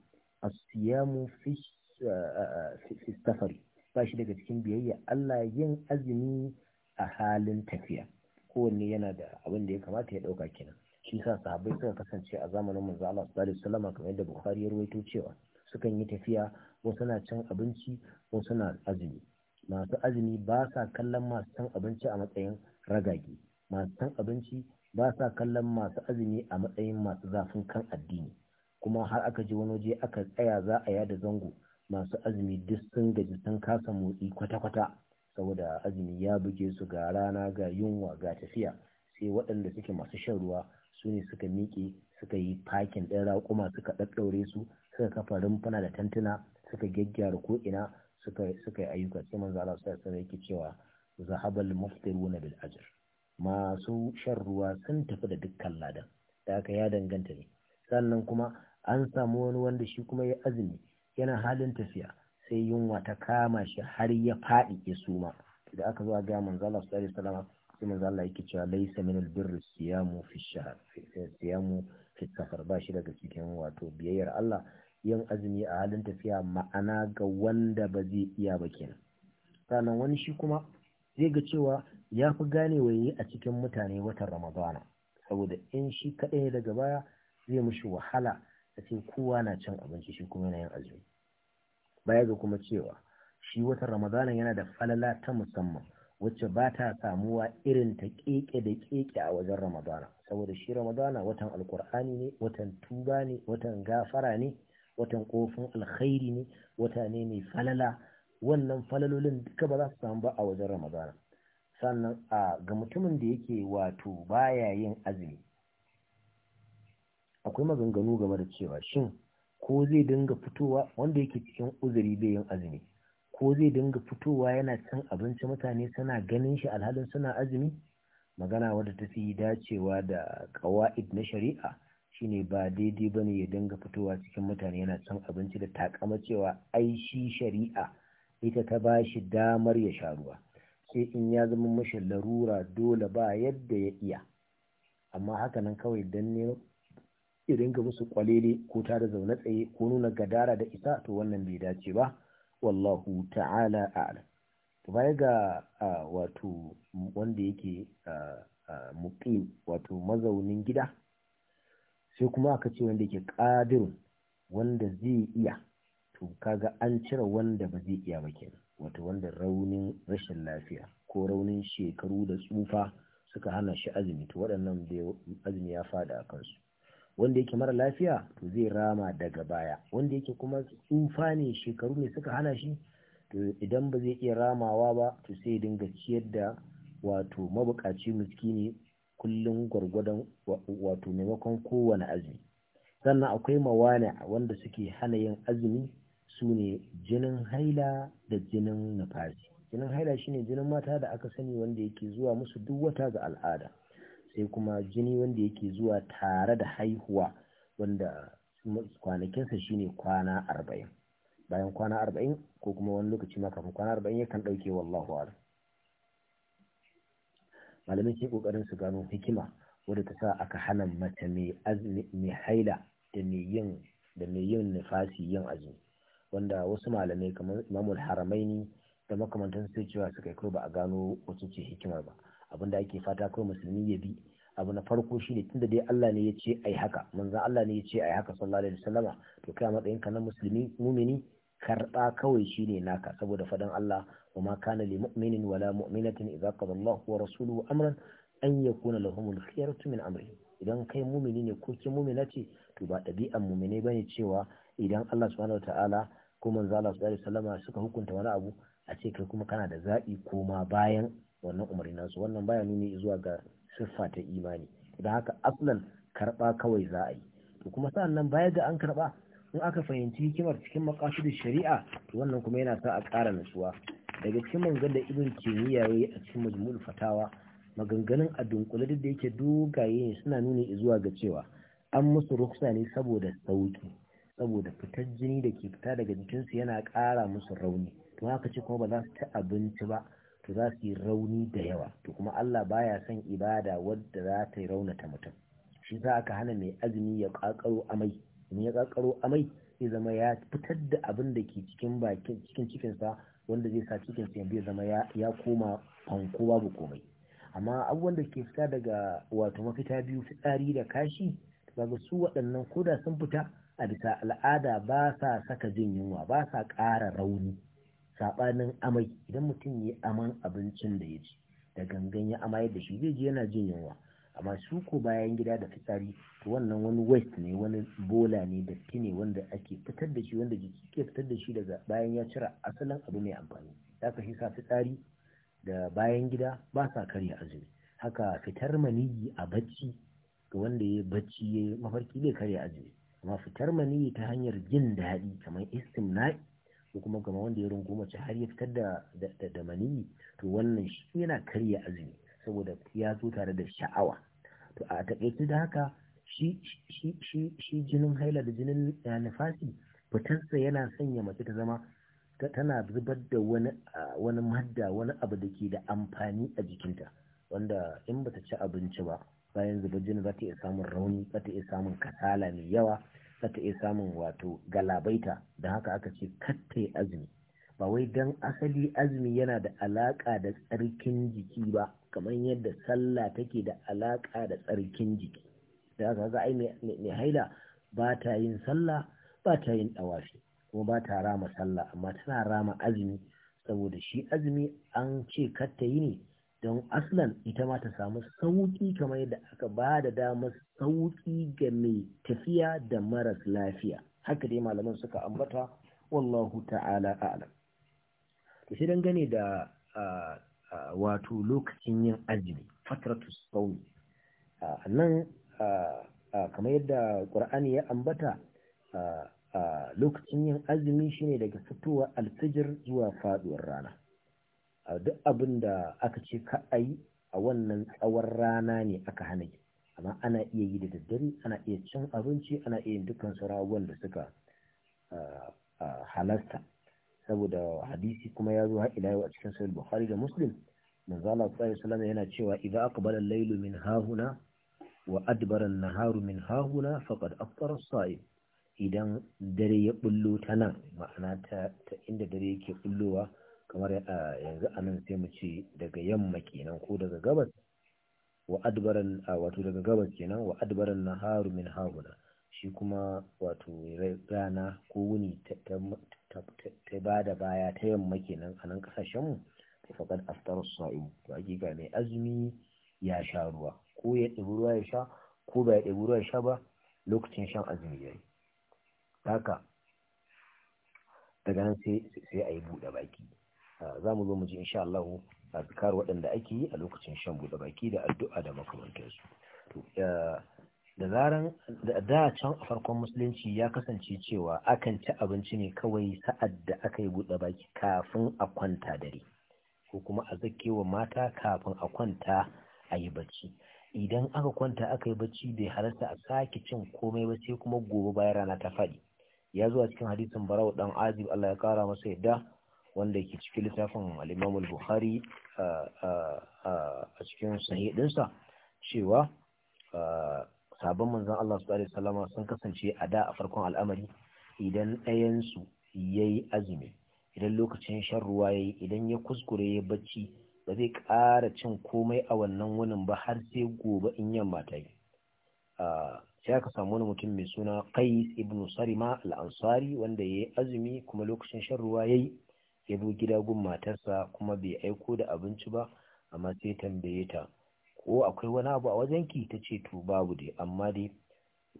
as-siyamu fi eh, eh, eh, safari ba shi daga cikin biyayya Allah yin azumi a halin tafiya kowanne yana da abin da ya kamata ya dauka kenan shi sa sahabbai suka kasance a zamanin manzo Allah sallallahu alaihi wasallam kamar yadda Bukhari ya rawaito cewa sukan yi tafiya wasu na cin abinci wasu na azumi masu azumi ba sa kallon masu cin abinci a matsayin ragage masu cin abinci ba sa kallon masu azumi a matsayin masu zafin kan addini kuma har aka ji wani waje aka tsaya za a yada zango masu azumi duk sun gaji sun kasa motsi kwata-kwata saboda azumi ya buge su ga rana ga yunwa ga tafiya sai waɗanda suke masu shan ruwa su ne suka miƙe suka yi fakin ɗan raƙuma suka ɗaɗɗaure su suka kafa rumfuna da tantuna suka gyaggyara ko'ina suka suka yi ayyuka sai manzo Allah sallallahu alaihi yake cewa zahabal muftiruna bil ajr masu shan ruwa sun tafi da dukkan ladan da aka ya danganta ne sannan kuma an samu wani wanda shi kuma ya azumi yana halin tafiya sai yunwa ta kama shi har ya faɗi ya suma da aka zo ga manzala su tsari salama sai Manzala yake cewa laisa min albir siyamu fi shahar siyamu fi safar ba shi daga cikin wato biyayyar Allah yin azumi a halin tafiya ma'ana ga wanda ba zai iya ba kenan sannan wani shi kuma zai ga cewa ya fi gane waye a cikin mutane watan ramadana saboda in shi kaɗai daga baya zai mushi wahala sai kowa na cin abinci shi kuma yana yin azumi baya ga kuma cewa shi watan ramadanan yana da falala ta musamman wacce ba ta samuwa irin ta keke da keke a wajen ramadana saboda shi ramadana watan alkur'ani ne watan tuba ne watan gafara ne watan kofin alkhairi ne wata ne mai falala wannan falalolin duka ba za su samu ba a wajen ramadana sannan a ga mutumin da yake wato baya yin azumi akwai maganganu game da cewa shin ko zai dinga fitowa wanda yake cikin uzuri bai yin azumi ko zai dinga fitowa yana cin abinci mutane suna ganin shi alhalin suna azumi magana wadda ta fi dacewa da ƙawa'id na shari'a shine ba daidai ba ne ya dinga fitowa cikin mutane yana cin abinci da takama cewa ai shi shari'a ita ta ba shi damar ya sha ruwa sai in ya zama mashi larura dole ba yadda ya iya amma hakanan kawai don ya dinga musu kwalele ko ta da zaune tsaye ko nuna gadara da isa to wannan bai dace ba wallahu ta'ala a'lam to baya ga wato wanda yake muqim wato mazaunin gida sai kuma aka ce wanda yake qadirun wanda zai iya to kaga an cire wanda ba zai iya ba kenan wato wanda raunin rashin lafiya ko raunin shekaru da tsufa suka hana shi azumi to waɗannan azumi ya faɗi a kansu wanda yake mara lafiya to zai rama daga baya wanda yake kuma tsufa ne shekaru ne suka hana shi to idan ba zai iya ramawa ba to sai dinga ciyar da wato mabukaci miskini kullum gwargwadon wato maimakon kowane azumi sannan akwai mawana wanda suke hana yin azumi su ne jinin haila da jinin nafasi jinin haila shine jinin mata da aka sani wanda yake zuwa musu duk wata ga al'ada sai kuma jini wanda yake zuwa tare da haihuwa wanda kwanakinsa shine kwana arba'in bayan kwana arba'in ko kuma wani lokaci ma kafin kwana arba'in yakan ɗauke wallahu alam malamai ke kokarin su gano hikima wadda ta sa aka hana mata mai haila da mai yin da mai yin nifasi yin azumi wanda wasu malamai kamar imamul haramaini da makamantan sai cewa su kai ba a gano wacce ce hikimar ba abinda ake fata kawai musulmi ya bi abu na farko shine tunda dai Allah ne ya ce ai haka manzan Allah ne ya ce ai haka sallallahu alaihi wasallama to kai a matsayin ka na musulmi mumini karɓa kawai shine naka saboda fadan Allah wa ma kana lil mu'minin wala mu'minatin idza qada Allah wa rasuluhu amran an yakuna lahumul khiyaratu min amri idan kai mumini ne ko kin mumina ce to ba ɗabi'an mumine bane cewa idan Allah subhanahu wataala ko manzo Allah sallallahu alaihi suka hukunta wani abu a ce kai kuma kana da zaɓi ko ma bayan wannan umarni nasu wannan baya nuni zuwa ga siffa ta imani da haka aslan karba kawai za a yi to kuma sa'an nan baya ga an karba, in aka fahimci hikimar cikin da shari'a to wannan kuma yana sa a ƙara nasuwa daga cikin mangan da ibn kimiyya yayi a cikin majmu'ul fatawa maganganun a dunkule duk da yake dogaye ne suna nuni zuwa ga cewa an musu ruksa ne saboda sauki saboda fitar jini da ke fita daga jikinsu yana ƙara musu rauni to haka ce kuma ba za su ci abinci ba to za su yi rauni da yawa to kuma Allah baya son ibada wadda za ta yi raunata mutum shi za ka hana mai azumi ya kakaro amai in ya kakaro amai zai zama ya fitar da abin da ke cikin bakin cikin cikinsa wanda zai sa cikin sa ya zama ya koma fanko babu komai amma abubuwan da ke fita daga wato mafita biyu fitsari da kashi daga su waɗannan koda sun fita a bisa al'ada ba sa saka jin yunwa ba sa ƙara rauni saɓanin amai idan mutum ya aman abincin da ya ci da gangan ya amayar da shi zai ji yana jin yunwa amma su ko bayan gida da fitsari to wannan wani waste ne wani bola ne da ne wanda ake fitar da shi wanda jiki ke fitar da shi daga bayan ya cira asalin abu mai amfani Ya ka sa fitsari da bayan gida ba sa karya azumi haka fitar maniyi a bacci ga wanda ya bacci ya mafarki zai karya azumi amma fitar maniyi ta hanyar jin daɗi kamar istimna'i ko kuma gama wanda ya runguma mace har ya fitar da da maniyi to wannan shi yana karya azumi saboda ya zo tare da sha'awa to a takaice da haka shi shi shi shi jinin haila da jinin eh, nafasi fitarsa yana sanya mace ta zama tana zubar da wani wani madda wani abu da ke da amfani a jikinta wanda in bata ci abinci ba bayan zubar jinin za ta iya samun rauni za ta iya samun kasala mai yawa za ta iya samun wato galabaita da haka aka ce kattai azumi ba wai don asali azumi yana da alaƙa da tsarkin jiki ba kamar yadda sallah take da alaƙa da tsarkin jiki da haka ga ai mai haila ba ta yin sallah ba ta yin ɗawafi kuma ba ta rama sallah amma tana rama azumi saboda shi azumi an ce katta yi ne don aslan ita ma ta samu sauƙi kamar yadda aka ba da damar sauƙi ga mai tafiya da maras lafiya haka dai malaman suka ambata wallahu ta'ala a'lam to shi dangane da wato lokacin yin azumi fatratu sawmi nan kamar yadda Al-ƙur'ani ya ambata lokacin yin azumi shine daga fitowar alfijir zuwa faduwar rana A duk abin da aka ce ka a yi a wannan tsawon rana ne aka hana ki amma ana iya yi da daddare ana iya cin abinci ana iya yin dukkan sarawon da suka ah, ah, halasta saboda hadisi kuma ya zo har ila yau a cikin sahih bukhari da muslim manzo Allah sallallahu yana cewa idza aqbala al-laylu min hahuna wa adbara an-naharu min hahuna faqad aftara as-sa'im idan dare ya bullo ta nan ma'ana ta inda dare yake bullowa kamar eh, yanzu a nan sai mu ce daga yamma kenan ko daga gabas wa adbaran ah, wato daga gabas kenan wa adbaran naharu min hahuna shi kuma wato rana ko wuni ta ba da baya ta yamma kenan a nan mu ta faƙar aftar sa'i to hakika mai azumi ya sha ruwa ko ya ɗebi ruwa ya sha ko ba ya ɗebi ruwa ya sha ba lokacin shan azumi ya yi haka daga nan sai a yi buɗe baki Eh, za mu zo mu ji insha Allah azkar waɗanda ake yi a lokacin shan buɗe baki da addu'a da makamantarsu to eh, da zaran da can a farkon musulunci ya kasance cewa akan ci abinci ne kawai sa'ad da aka yi buɗe baki kafin a kwanta dare ko kuma a zakewa mata kafin a kwanta a yi bacci idan aka kwanta aka yi bacci bai halarta a sake cin komai ba sai kuma gobe bayan rana ta faɗi ya zuwa cikin hadisin barau dan azib Allah ya kara masa yadda wanda ke cikin littafin al-Imam al-Bukhari a cikin sahih dinsa cewa sabon manzon Allah sallallahu alaihi wasallam sun kasance a da a farkon al'amari idan ɗayan su yayi azumi idan lokacin shan ruwa yayi idan ya kuskure ya bacci ba zai ƙara cin komai a wannan wunin ba har sai gobe in yamma ta yi sai aka samu wani mutum mai suna qais ibn sarima al-ansari wanda yayi azumi kuma lokacin shan ruwa yayi ya bu gida gun matarsa kuma bai aiko da abinci ba amma sai tambaye ta ko akwai wani abu a wajenki ta ce to babu dai amma dai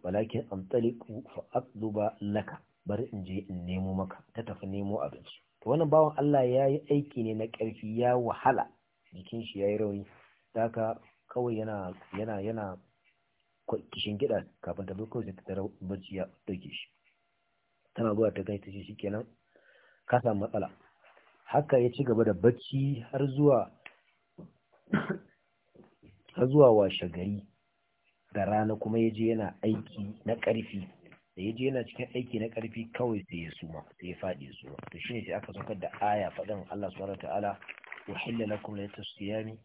walakin amtaliku fa atluba laka bari in je in nemo maka ta tafi nemo abinci to wannan bawan Allah ya yi aiki ne na ƙarfi ya wahala jikin shi ya yi rauni haka kawai yana yana yana kishin gida kafin ta kawai sai ta tara barci ya ɗauke shi tana zuwa ta gani ta ce shikenan ka samu matsala haka ya ci gaba da bacci har zuwa har zuwa washe gari da rana kuma ya je yana aiki na ƙarfi da ya je yana cikin aiki na ƙarfi kawai sai ya suma sai ya faɗi ya suma to shine sai aka saukar da aya faɗin Allah subhanahu wataala hilla lakum laylatul siyami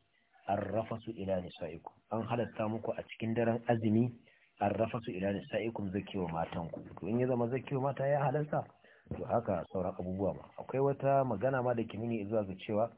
arrafasu ila nisaikum an halatta muku a cikin daren azumi arrafasu ila nisaikum zakiwa matanku to in ya zama zakiwa mata ya halarta to haka sauran abubuwa ba akwai wata magana ma da ke nuni zuwa ga cewa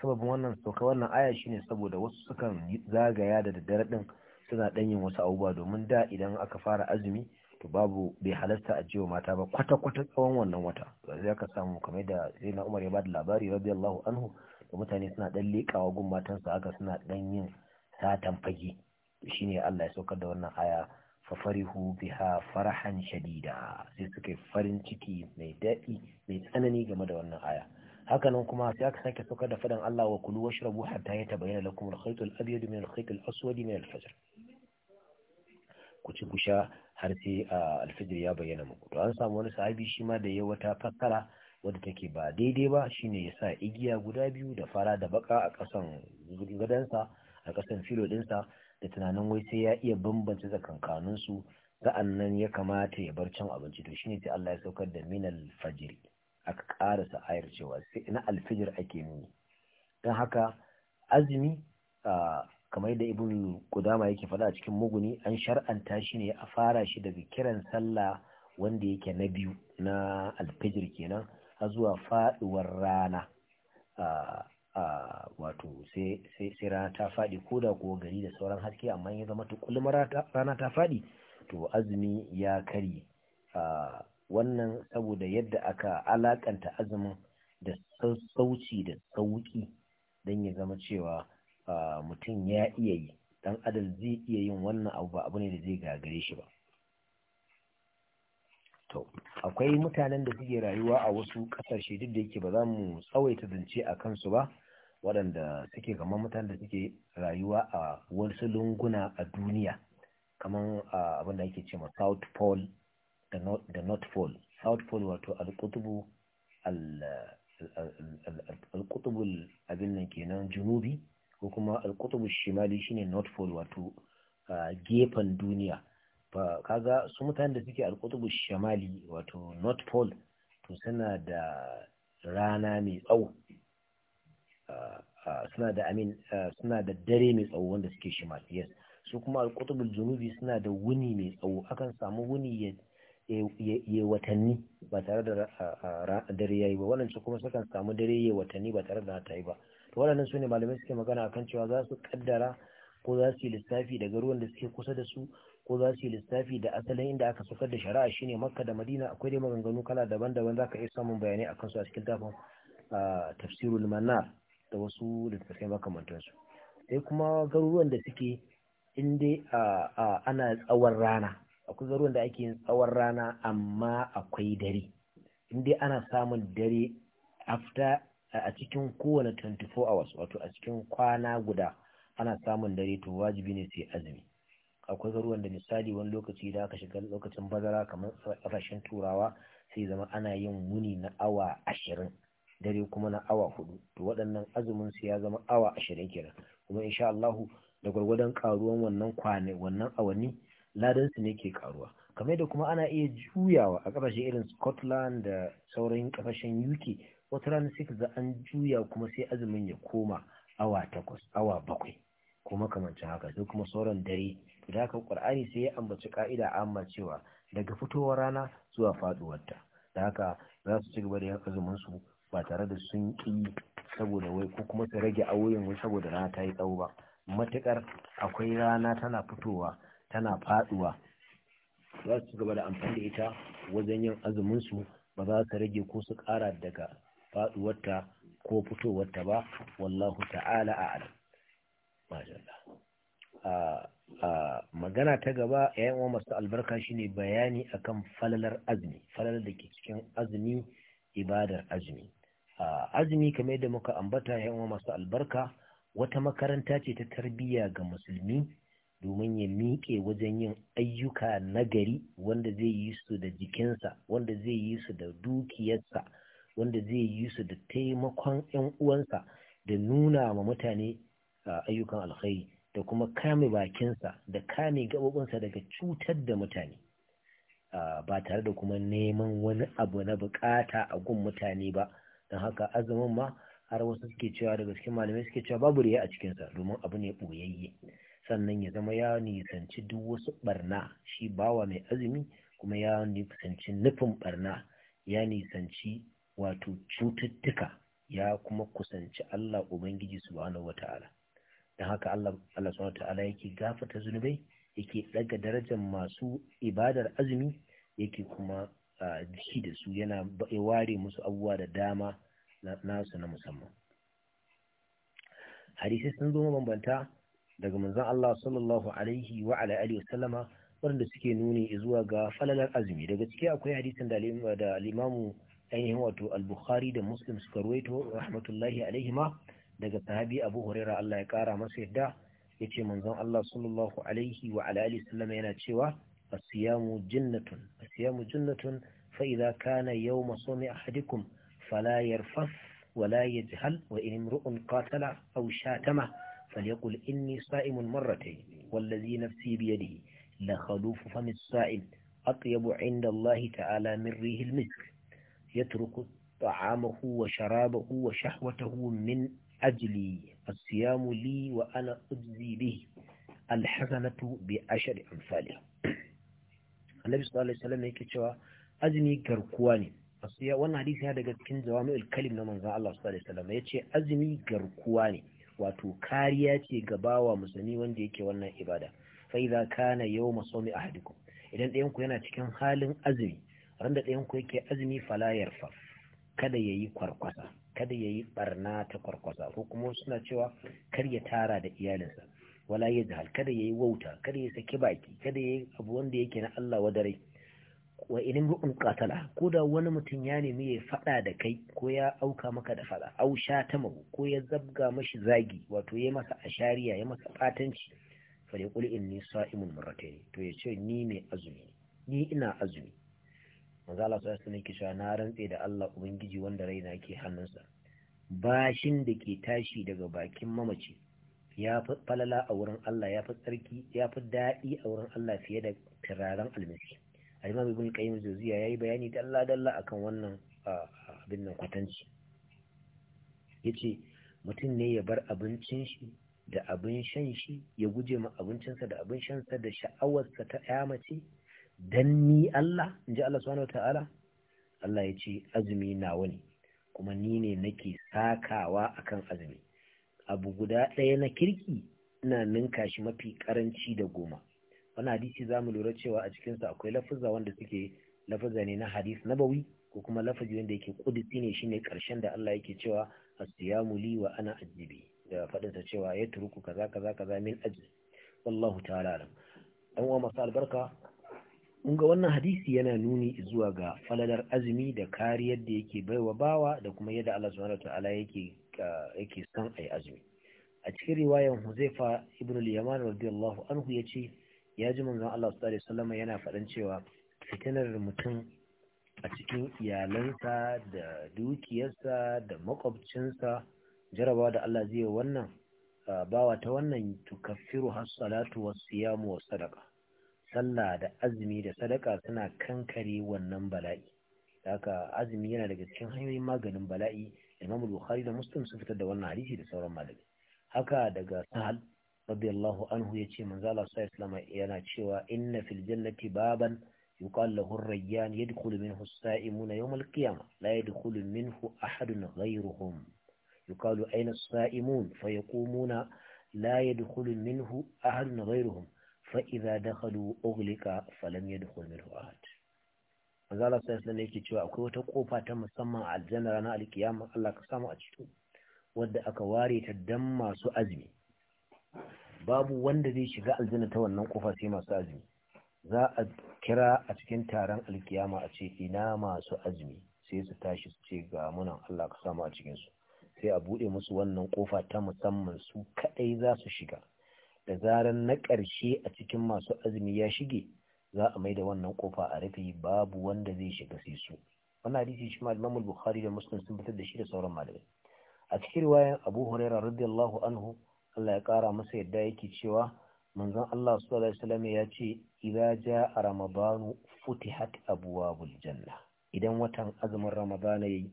sababin wannan sauka wannan aya shine saboda wasu sukan zagaya da daddare din suna ɗanyin wasu abubuwa domin da idan aka fara azumi to babu bai halarta a jiwa mata ba kwata-kwata tsawon wannan wata zai aka samu kamar da zai na umar ya bada labari radiyallahu anhu da mutane suna ɗan leƙawa gun matansa haka suna ɗan yin satan fage ne Allah ya saukar da wannan aya ففرحوا biha فرحا شديدا sai suka farin ciki mai daɗi mai tsanani game da wannan aya hakanan kuma sai aka sake soka da fadan Allah wa kulu washrabu hatta yatabayyana lakum al-khayt al-abyad min al-khayt al-aswad min al-fajr ku ci ku sha har sai al-fajr ya bayyana muku to an samu wani sahabi shi ma da ya wata fassara wadda take ba daidai ba shine ya sa igiya guda biyu da fara da baka a kasan gadansa a ƙasan filo ɗinsa da tunanin wai sai ya iya bambanta tsakankanin su sa'an nan ya kamata ya bar cin abinci to shine sai Allah ya saukar da min al-fajr aka karasa ayar cewa sai na al-fajr ake nuni dan haka azumi kamar yadda ibn Qudama yake faɗa a cikin muguni an shar'anta shi ne a fara shi daga kiran sallah wanda yake na biyu na alfijir kenan har zuwa faduwar rana wato sai rana ta faɗi ko da kuwa gari da sauran haske amma ya zama tukulma rana ta faɗi to azumi ya karye wannan saboda yadda aka alakanta azumin da sauci da sauki don ya zama cewa mutum ya iya yi dan adal zai iya yin wannan abu ba abu ne da zai gagare shi ba to akwai mutanen da suke rayuwa a wasu kasashe duk da yake ba za mu tsawaita zance a kansu ba waɗanda suke kamar mutanen da suke rayuwa a wasu lunguna a duniya kamar abin da ake ce ma south pole da north pole south pole wato alƙutubu abin nan kenan junubi ko kuma alƙutubu shimali shine north pole wato gefen duniya kaga su mutanen da suke alkutubu shamali wato north pole to suna da rana mai tsawo suna da amin suna da dare mai tsawo wanda suke shimali yes su kuma alkutubul junubi suna da wuni mai tsawo akan samu wuni ya watanni ba tare da dare yayi ba wannan su kuma sukan samu dare ya watanni ba tare da ta yi ba to waɗannan su ne malamai suke magana akan cewa za su kaddara ko za su yi lissafi daga ruwan da suke kusa da su ko za su yi lissafi da asalin inda aka sukar da shari'a shine makka da madina akwai dai maganganu kala daban-daban za ka iya samun bayanai kan su a cikin tafin tafsirul manar da wasu littattafai makamantansu sai kuma garuruwan da suke in dai ana tsawon rana akwai garuruwan da ake yin tsawon rana amma akwai dare inda ana samun dare after a cikin kowane 24 hours wato a cikin kwana guda ana samun dare to wajibi ne sai azumi akwai garuwan da misali wani lokaci da aka shiga lokacin bazara kamar kasashen turawa sai zama ana yin wuni na awa ashirin dare kuma na awa hudu to waɗannan azumin su ya zama awa ashirin kenan kuma insha Allahu da gwargwadon karuwan wannan kwane wannan awanni ladan su ne ke karuwa kamar da kuma ana iya juyawa a kasashe irin Scotland da sauran kasashen UK wata rana sai an juya kuma sai azumin ya koma awa takwas awa bakwai ko makamancin haka sai kuma sauran dare Idan ka qur'ani sai ya ambaci ka'ida amma cewa daga fitowar rana zuwa ta da haka za su ci gaba da yanka azumin su ba tare da sun ki saboda wai ko kuma su rage auyen wai saboda rana ta yi tsawo ba matukar akwai rana tana fitowa tana faduwa za su ci gaba da amfani da ita wajen yin azumin su ba za su rage ko su ƙara daga ta ko fitowarta ba wallahu ta'ala a'lam magana ta gaba yayin wa masu albarka shine bayani akan falalar azumi falalar da ke cikin azumi ibadar azumi azumi kamar yadda muka ambata yayin wa masu albarka wata makaranta ce ta tarbiyya ga musulmi domin ya miƙe wajen yin ayyuka nagari wanda zai yi su da jikinsa wanda zai yi su da dukiyarsa wanda zai yi su da taimakon 'yan uwansa da nuna ma mutane ayyukan alkhairi da kuma kame bakinsa da kame gabobinsa daga cutar da mutane ba tare da kuma neman wani abu na bukata a gun mutane ba don haka azumin ma har wasu suke cewa daga cikin malamai suke cewa babu riya a cikinsa domin abu ne boyayye sannan ya zama ya nisanci duk wasu barna shi bawa mai azumi kuma ya nisanci nufin barna ya nisanci wato cututtuka ya kuma kusanci Allah Ubangiji subhanahu wata'ala don haka Allah Allah subhanahu wataala yake gafata zunubai yake daga darajar masu ibadar azumi yake kuma shi da su yana ware musu abubuwa da dama nasu na musamman hadisi sun zo mabambanta daga manzon Allah sallallahu alaihi wa ala alihi wasallama waɗanda suke nuni zuwa ga falalar azumi daga ciki akwai hadisin da al-Imam ainihin wato al-Bukhari da Muslim suka ruwaito rahmatullahi alaihima daga sahabi abu huraira Allah ya kara masa yadda yace manzon Allah sallallahu alaihi wa ala alihi sallam yana cewa asiyamu jinnatun asiyamu jinnatun fa idza kana yawm sumi ahadikum fala yarfas wala ولا يجهل وإن امرؤ قاتل أو شاتمه فليقل إني صائم مرتين والذي نفسي بيده لخلوف فم الصائم أطيب عند الله تعالى من ريح المسك يترك طعامه وشرابه وشهوته من Ajili as-siyamu li wa ana ujzi bihi al bi ashri amsalih annabi sallallahu alaihi wasallam yake cewa azumi garkuwa ne asiya wannan hadisi ya daga cikin jawami'ul kalim na Manzan Allah sallallahu alaihi wasallam yace azumi garkuwa ne wato kariya ce ga bawa musulmi wanda yake wannan ibada fa idza kana yawma sawmi ahadikum idan ɗayan ku yana cikin halin azumi ran da ɗayan ku yake azumi fala yarfa kada yayi kwarkwasa kada ya yi barna ta kwarkwasa ko kuma suna cewa kar ya tara da iyalinsa wala ya jahal kada ya yi wauta kada ya saki baki kada ya yi abu wanda yake na Allah dare wa idan ru'un qatala ko da wani mutum ya nemi ya fada da kai ko ya auka maka da fada au sha ta mu ko ya zabga mashi zagi wato ya masa ashariya ya masa fatanci fa ya qul inni sa'imun marratayn to ya ce ni ne azumi ni ina azumi manzo Allah sallallahu alaihi wasallam na rantse da Allah ubangiji wanda raina ke hannunsa bashin da ke tashi daga bakin mamaci ya fi falala a wurin Allah ya fi tsarki ya fi daɗi a wurin Allah fiye da turaren almisi al-imam ibn qayyim zuziya yayi bayani dalla dalla akan wannan abin nan kwatanci yace mutum ne ya bar abincin shi da abin shan shi ya guje ma abincinsa da abin shansa da sha'awarsa ta ya mace dan ni Allah in ji Allah subhanahu wata'ala Allah ya ce azumi nawa ne kuma ni ne nake sakawa akan azumi abu guda ɗaya na kirki ina ninka shi mafi karanci da goma wani hadisi zamu mu lura cewa a cikin sa akwai lafuzza wanda suke lafuzza ne na hadis nabawi ko kuma lafazi wanda yake kudusi ne shine karshen da Allah yake cewa asiyamu li wa ana ajibi da sa cewa ya turuku kaza kaza kaza min aji wallahu ta'ala dan uwa masu albarka mun ga wannan hadisi yana nuni zuwa ga falalar azumi da kariyar da yake baiwa bawa da kuma yadda Allah subhanahu ta'ala yake uh, yake san ayi azumi a cikin riwayan Huzaifa ibn al-Yaman radiyallahu anhu yace ya ji manzon Allah sallallahu alaihi wasallam yana faɗan cewa fitinar mutum a cikin iyalansa da dukiyarsa da makwabcinsa jarabawa da Allah zai wannan uh, bawa ta wannan tukaffiru has salatu was siyamu was sallah da azumi da sadaka suna kankare wannan bala'i haka azumi yana daga cikin hanyoyin maganin bala'i imam bukhari da muslim sun fitar da wannan hadisi da sauran malami. haka daga sahal radiyallahu anhu yace manzo Allah sallallahu alaihi yana cewa inna fil jannati baban yuqal lahu ar-rayyan yadkhulu minhu as-sa'imuna yawm al-qiyamah la yadkhulu minhu ahadun ghayruhum yuqalu ayna as-sa'imun fayaqumuna la yadkhulu minhu ahadun ghayruhum fa'iza da halu ogulika falam ya maza mil ahad manzala sai sun yake cewa akwai wata kofa ta musamman a aljanna ranar alkiyama Allah ka samu a cikin wadda aka ware ta dan masu azumi babu wanda zai shiga aljanna ta wannan kofa sai masu azumi za a kira a cikin taron alkiyama a ce ina masu azumi sai su tashi su ce ga munan Allah ka samu a cikinsu sai a buɗe musu wannan kofa ta musamman su kaɗai za su shiga da zaran na ƙarshe a cikin masu azumi ya shige za a mai da wannan kofa a rufe babu wanda zai shiga sai su wannan hadisi shi malamu bukhari da muslim sun fitar da shi da sauran malamai a cikin riwayan abu huraira radiyallahu anhu Allah ya kara masa yadda yake cewa manzon Allah sallallahu alaihi wasallam ya ce idza jaa ramadanu futihat abwabul janna idan watan azumin ramadana yayi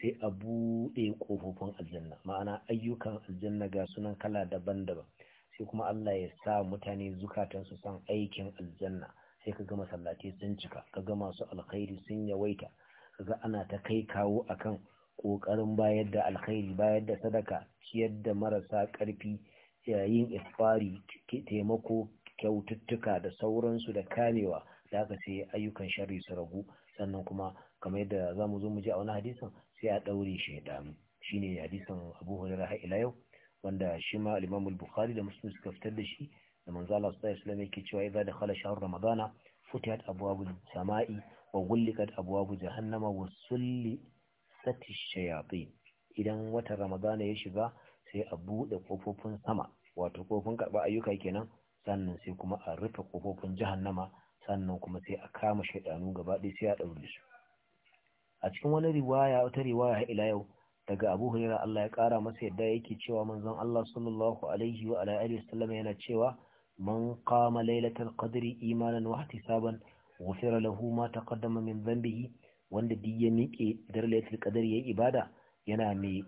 sai a buɗe kofofin aljanna ma'ana ayyukan aljanna ga sunan kala daban-daban sai kuma Allah ya sa mutane zukatan su san aikin aljanna sai ka gama masallatai sun cika ka gama masu alkhairi sun yawaita kaga ana ta kai kawo akan kokarin bayar da alkhairi bayar da sadaka ciyar da marasa karfi yayin isfari taimako kyaututtuka da sauransu da kamewa da aka sai ayyukan sharri su ragu sannan kuma kamar yadda za mu zo mu ji a wani hadisin sai a ɗaure shaidanu shine hadisin abu hurairah ila yau wanda shi ma al imamul bukhari da Muslim suka fitar da shi da manzo Allah sallallahu alaihi wasallam yake cewa idza dakhala shahr ramadana futihat abwabu samai wa ghulliqat abwabu jahannama wa sulli satish shayatin idan wata ramadana ya shiga sai a bude kofofin sama wato kofofin karba ayyuka kenan sannan sai kuma a rufe kofofin jahannama sannan kuma sai a kama shaidanu gaba ɗaya sai a daure su a cikin wani riwaya wata riwaya ila yau daga Abu Hurairah Allah ya kara masa yadda yake cewa manzon Allah sallallahu alaihi wa ala yana cewa man kama lailatar qadri imanin wa ihtisaban ghufira lahu ma taqaddama min dhanbihi wanda duk ya miƙe dar lailatul qadri yayi ibada yana mai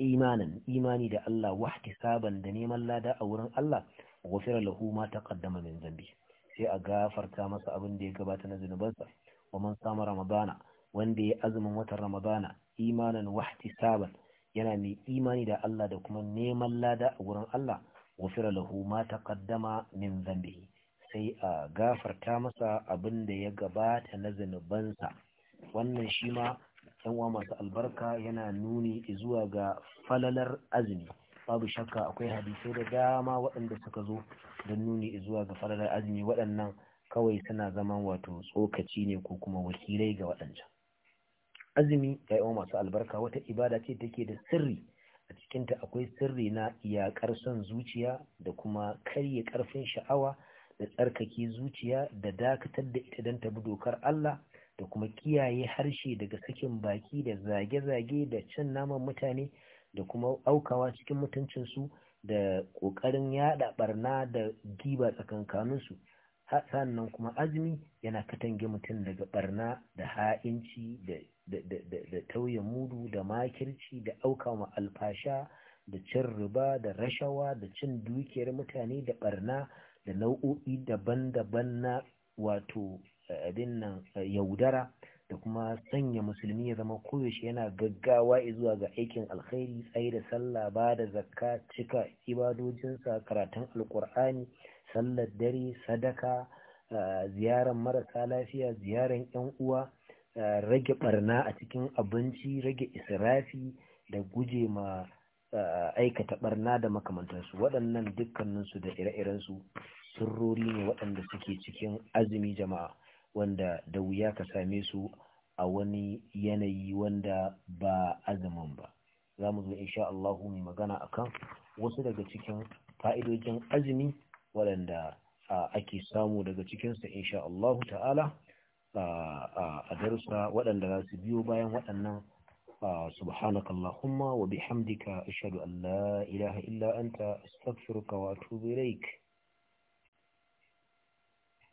imanin imani da Allah wa ihtisaban da neman lada a wurin Allah ghufira lahu ma taqaddama min zambi sai a gafarta masa abin da ya gabata na zunubansa wa man sama ramadana wanda ya azumin watan ramadana imanan wahtisaban yana mai imani da Allah da kuma neman lada a wurin Allah wafira lahu ma taqaddama min zambihi sai a gafarta masa abin da ya gabata na zanubansa wannan shi ma yan uwa masu albarka yana nuni zuwa ga falalar azumi babu shakka akwai hadisai da dama waɗanda suka zo don nuni zuwa ga falalar azumi waɗannan kawai suna zaman wato tsokaci ne ko kuma wakilai ga waɗancan azumi ya yi masu albarka wata ibada ce take da sirri a cikinta akwai sirri na yaƙar son zuciya da kuma karye ƙarfin sha'awa da tsarkake zuciya da dakatar da ita don ta bi dokar Allah da kuma kiyaye harshe daga sakin baki da zage-zage da cin naman mutane da kuma aukawa cikin mutuncinsu da ƙoƙarin yaɗa ɓarna da giba tsakankaninsu sannan kuma azumi yana katange mutum daga ɓarna da ha'inci da da tauye mudu da makirci da auka ma alfasha da cin riba da rashawa da cin dukiyar mutane da barna da nau'o'i daban-daban na wato eh, abin nan eh, yaudara da kuma sanya musulmi ya zama koyaushe yana gaggawa zuwa ga aikin alkhairi tsaye da sallah ba da zakka cika ibadojinsa karatun alkur'ani sallar dare sadaka eh, ziyarar marasa lafiya ziyarar yan uwa Eh, rage barna a cikin abinci rage israfi da guje ma eh, aikata barna da makamantarsu waɗannan dukkaninsu da ire iren su sirrori ne waɗanda suke cikin azumi jama'a wanda da wuya ka same su a wani yanayi wanda ba azumin ba za mu zo insha Allah mu magana akan wasu daga cikin fa'idojin azumi waɗanda eh, ake samu daga cikinsa insha Allah ta'ala a darussa waɗanda za su biyo bayan waɗannan subhanaka Allahumma wa bihamdika ashhadu an la ilaha illa anta astaghfiruka wa atubu ilaik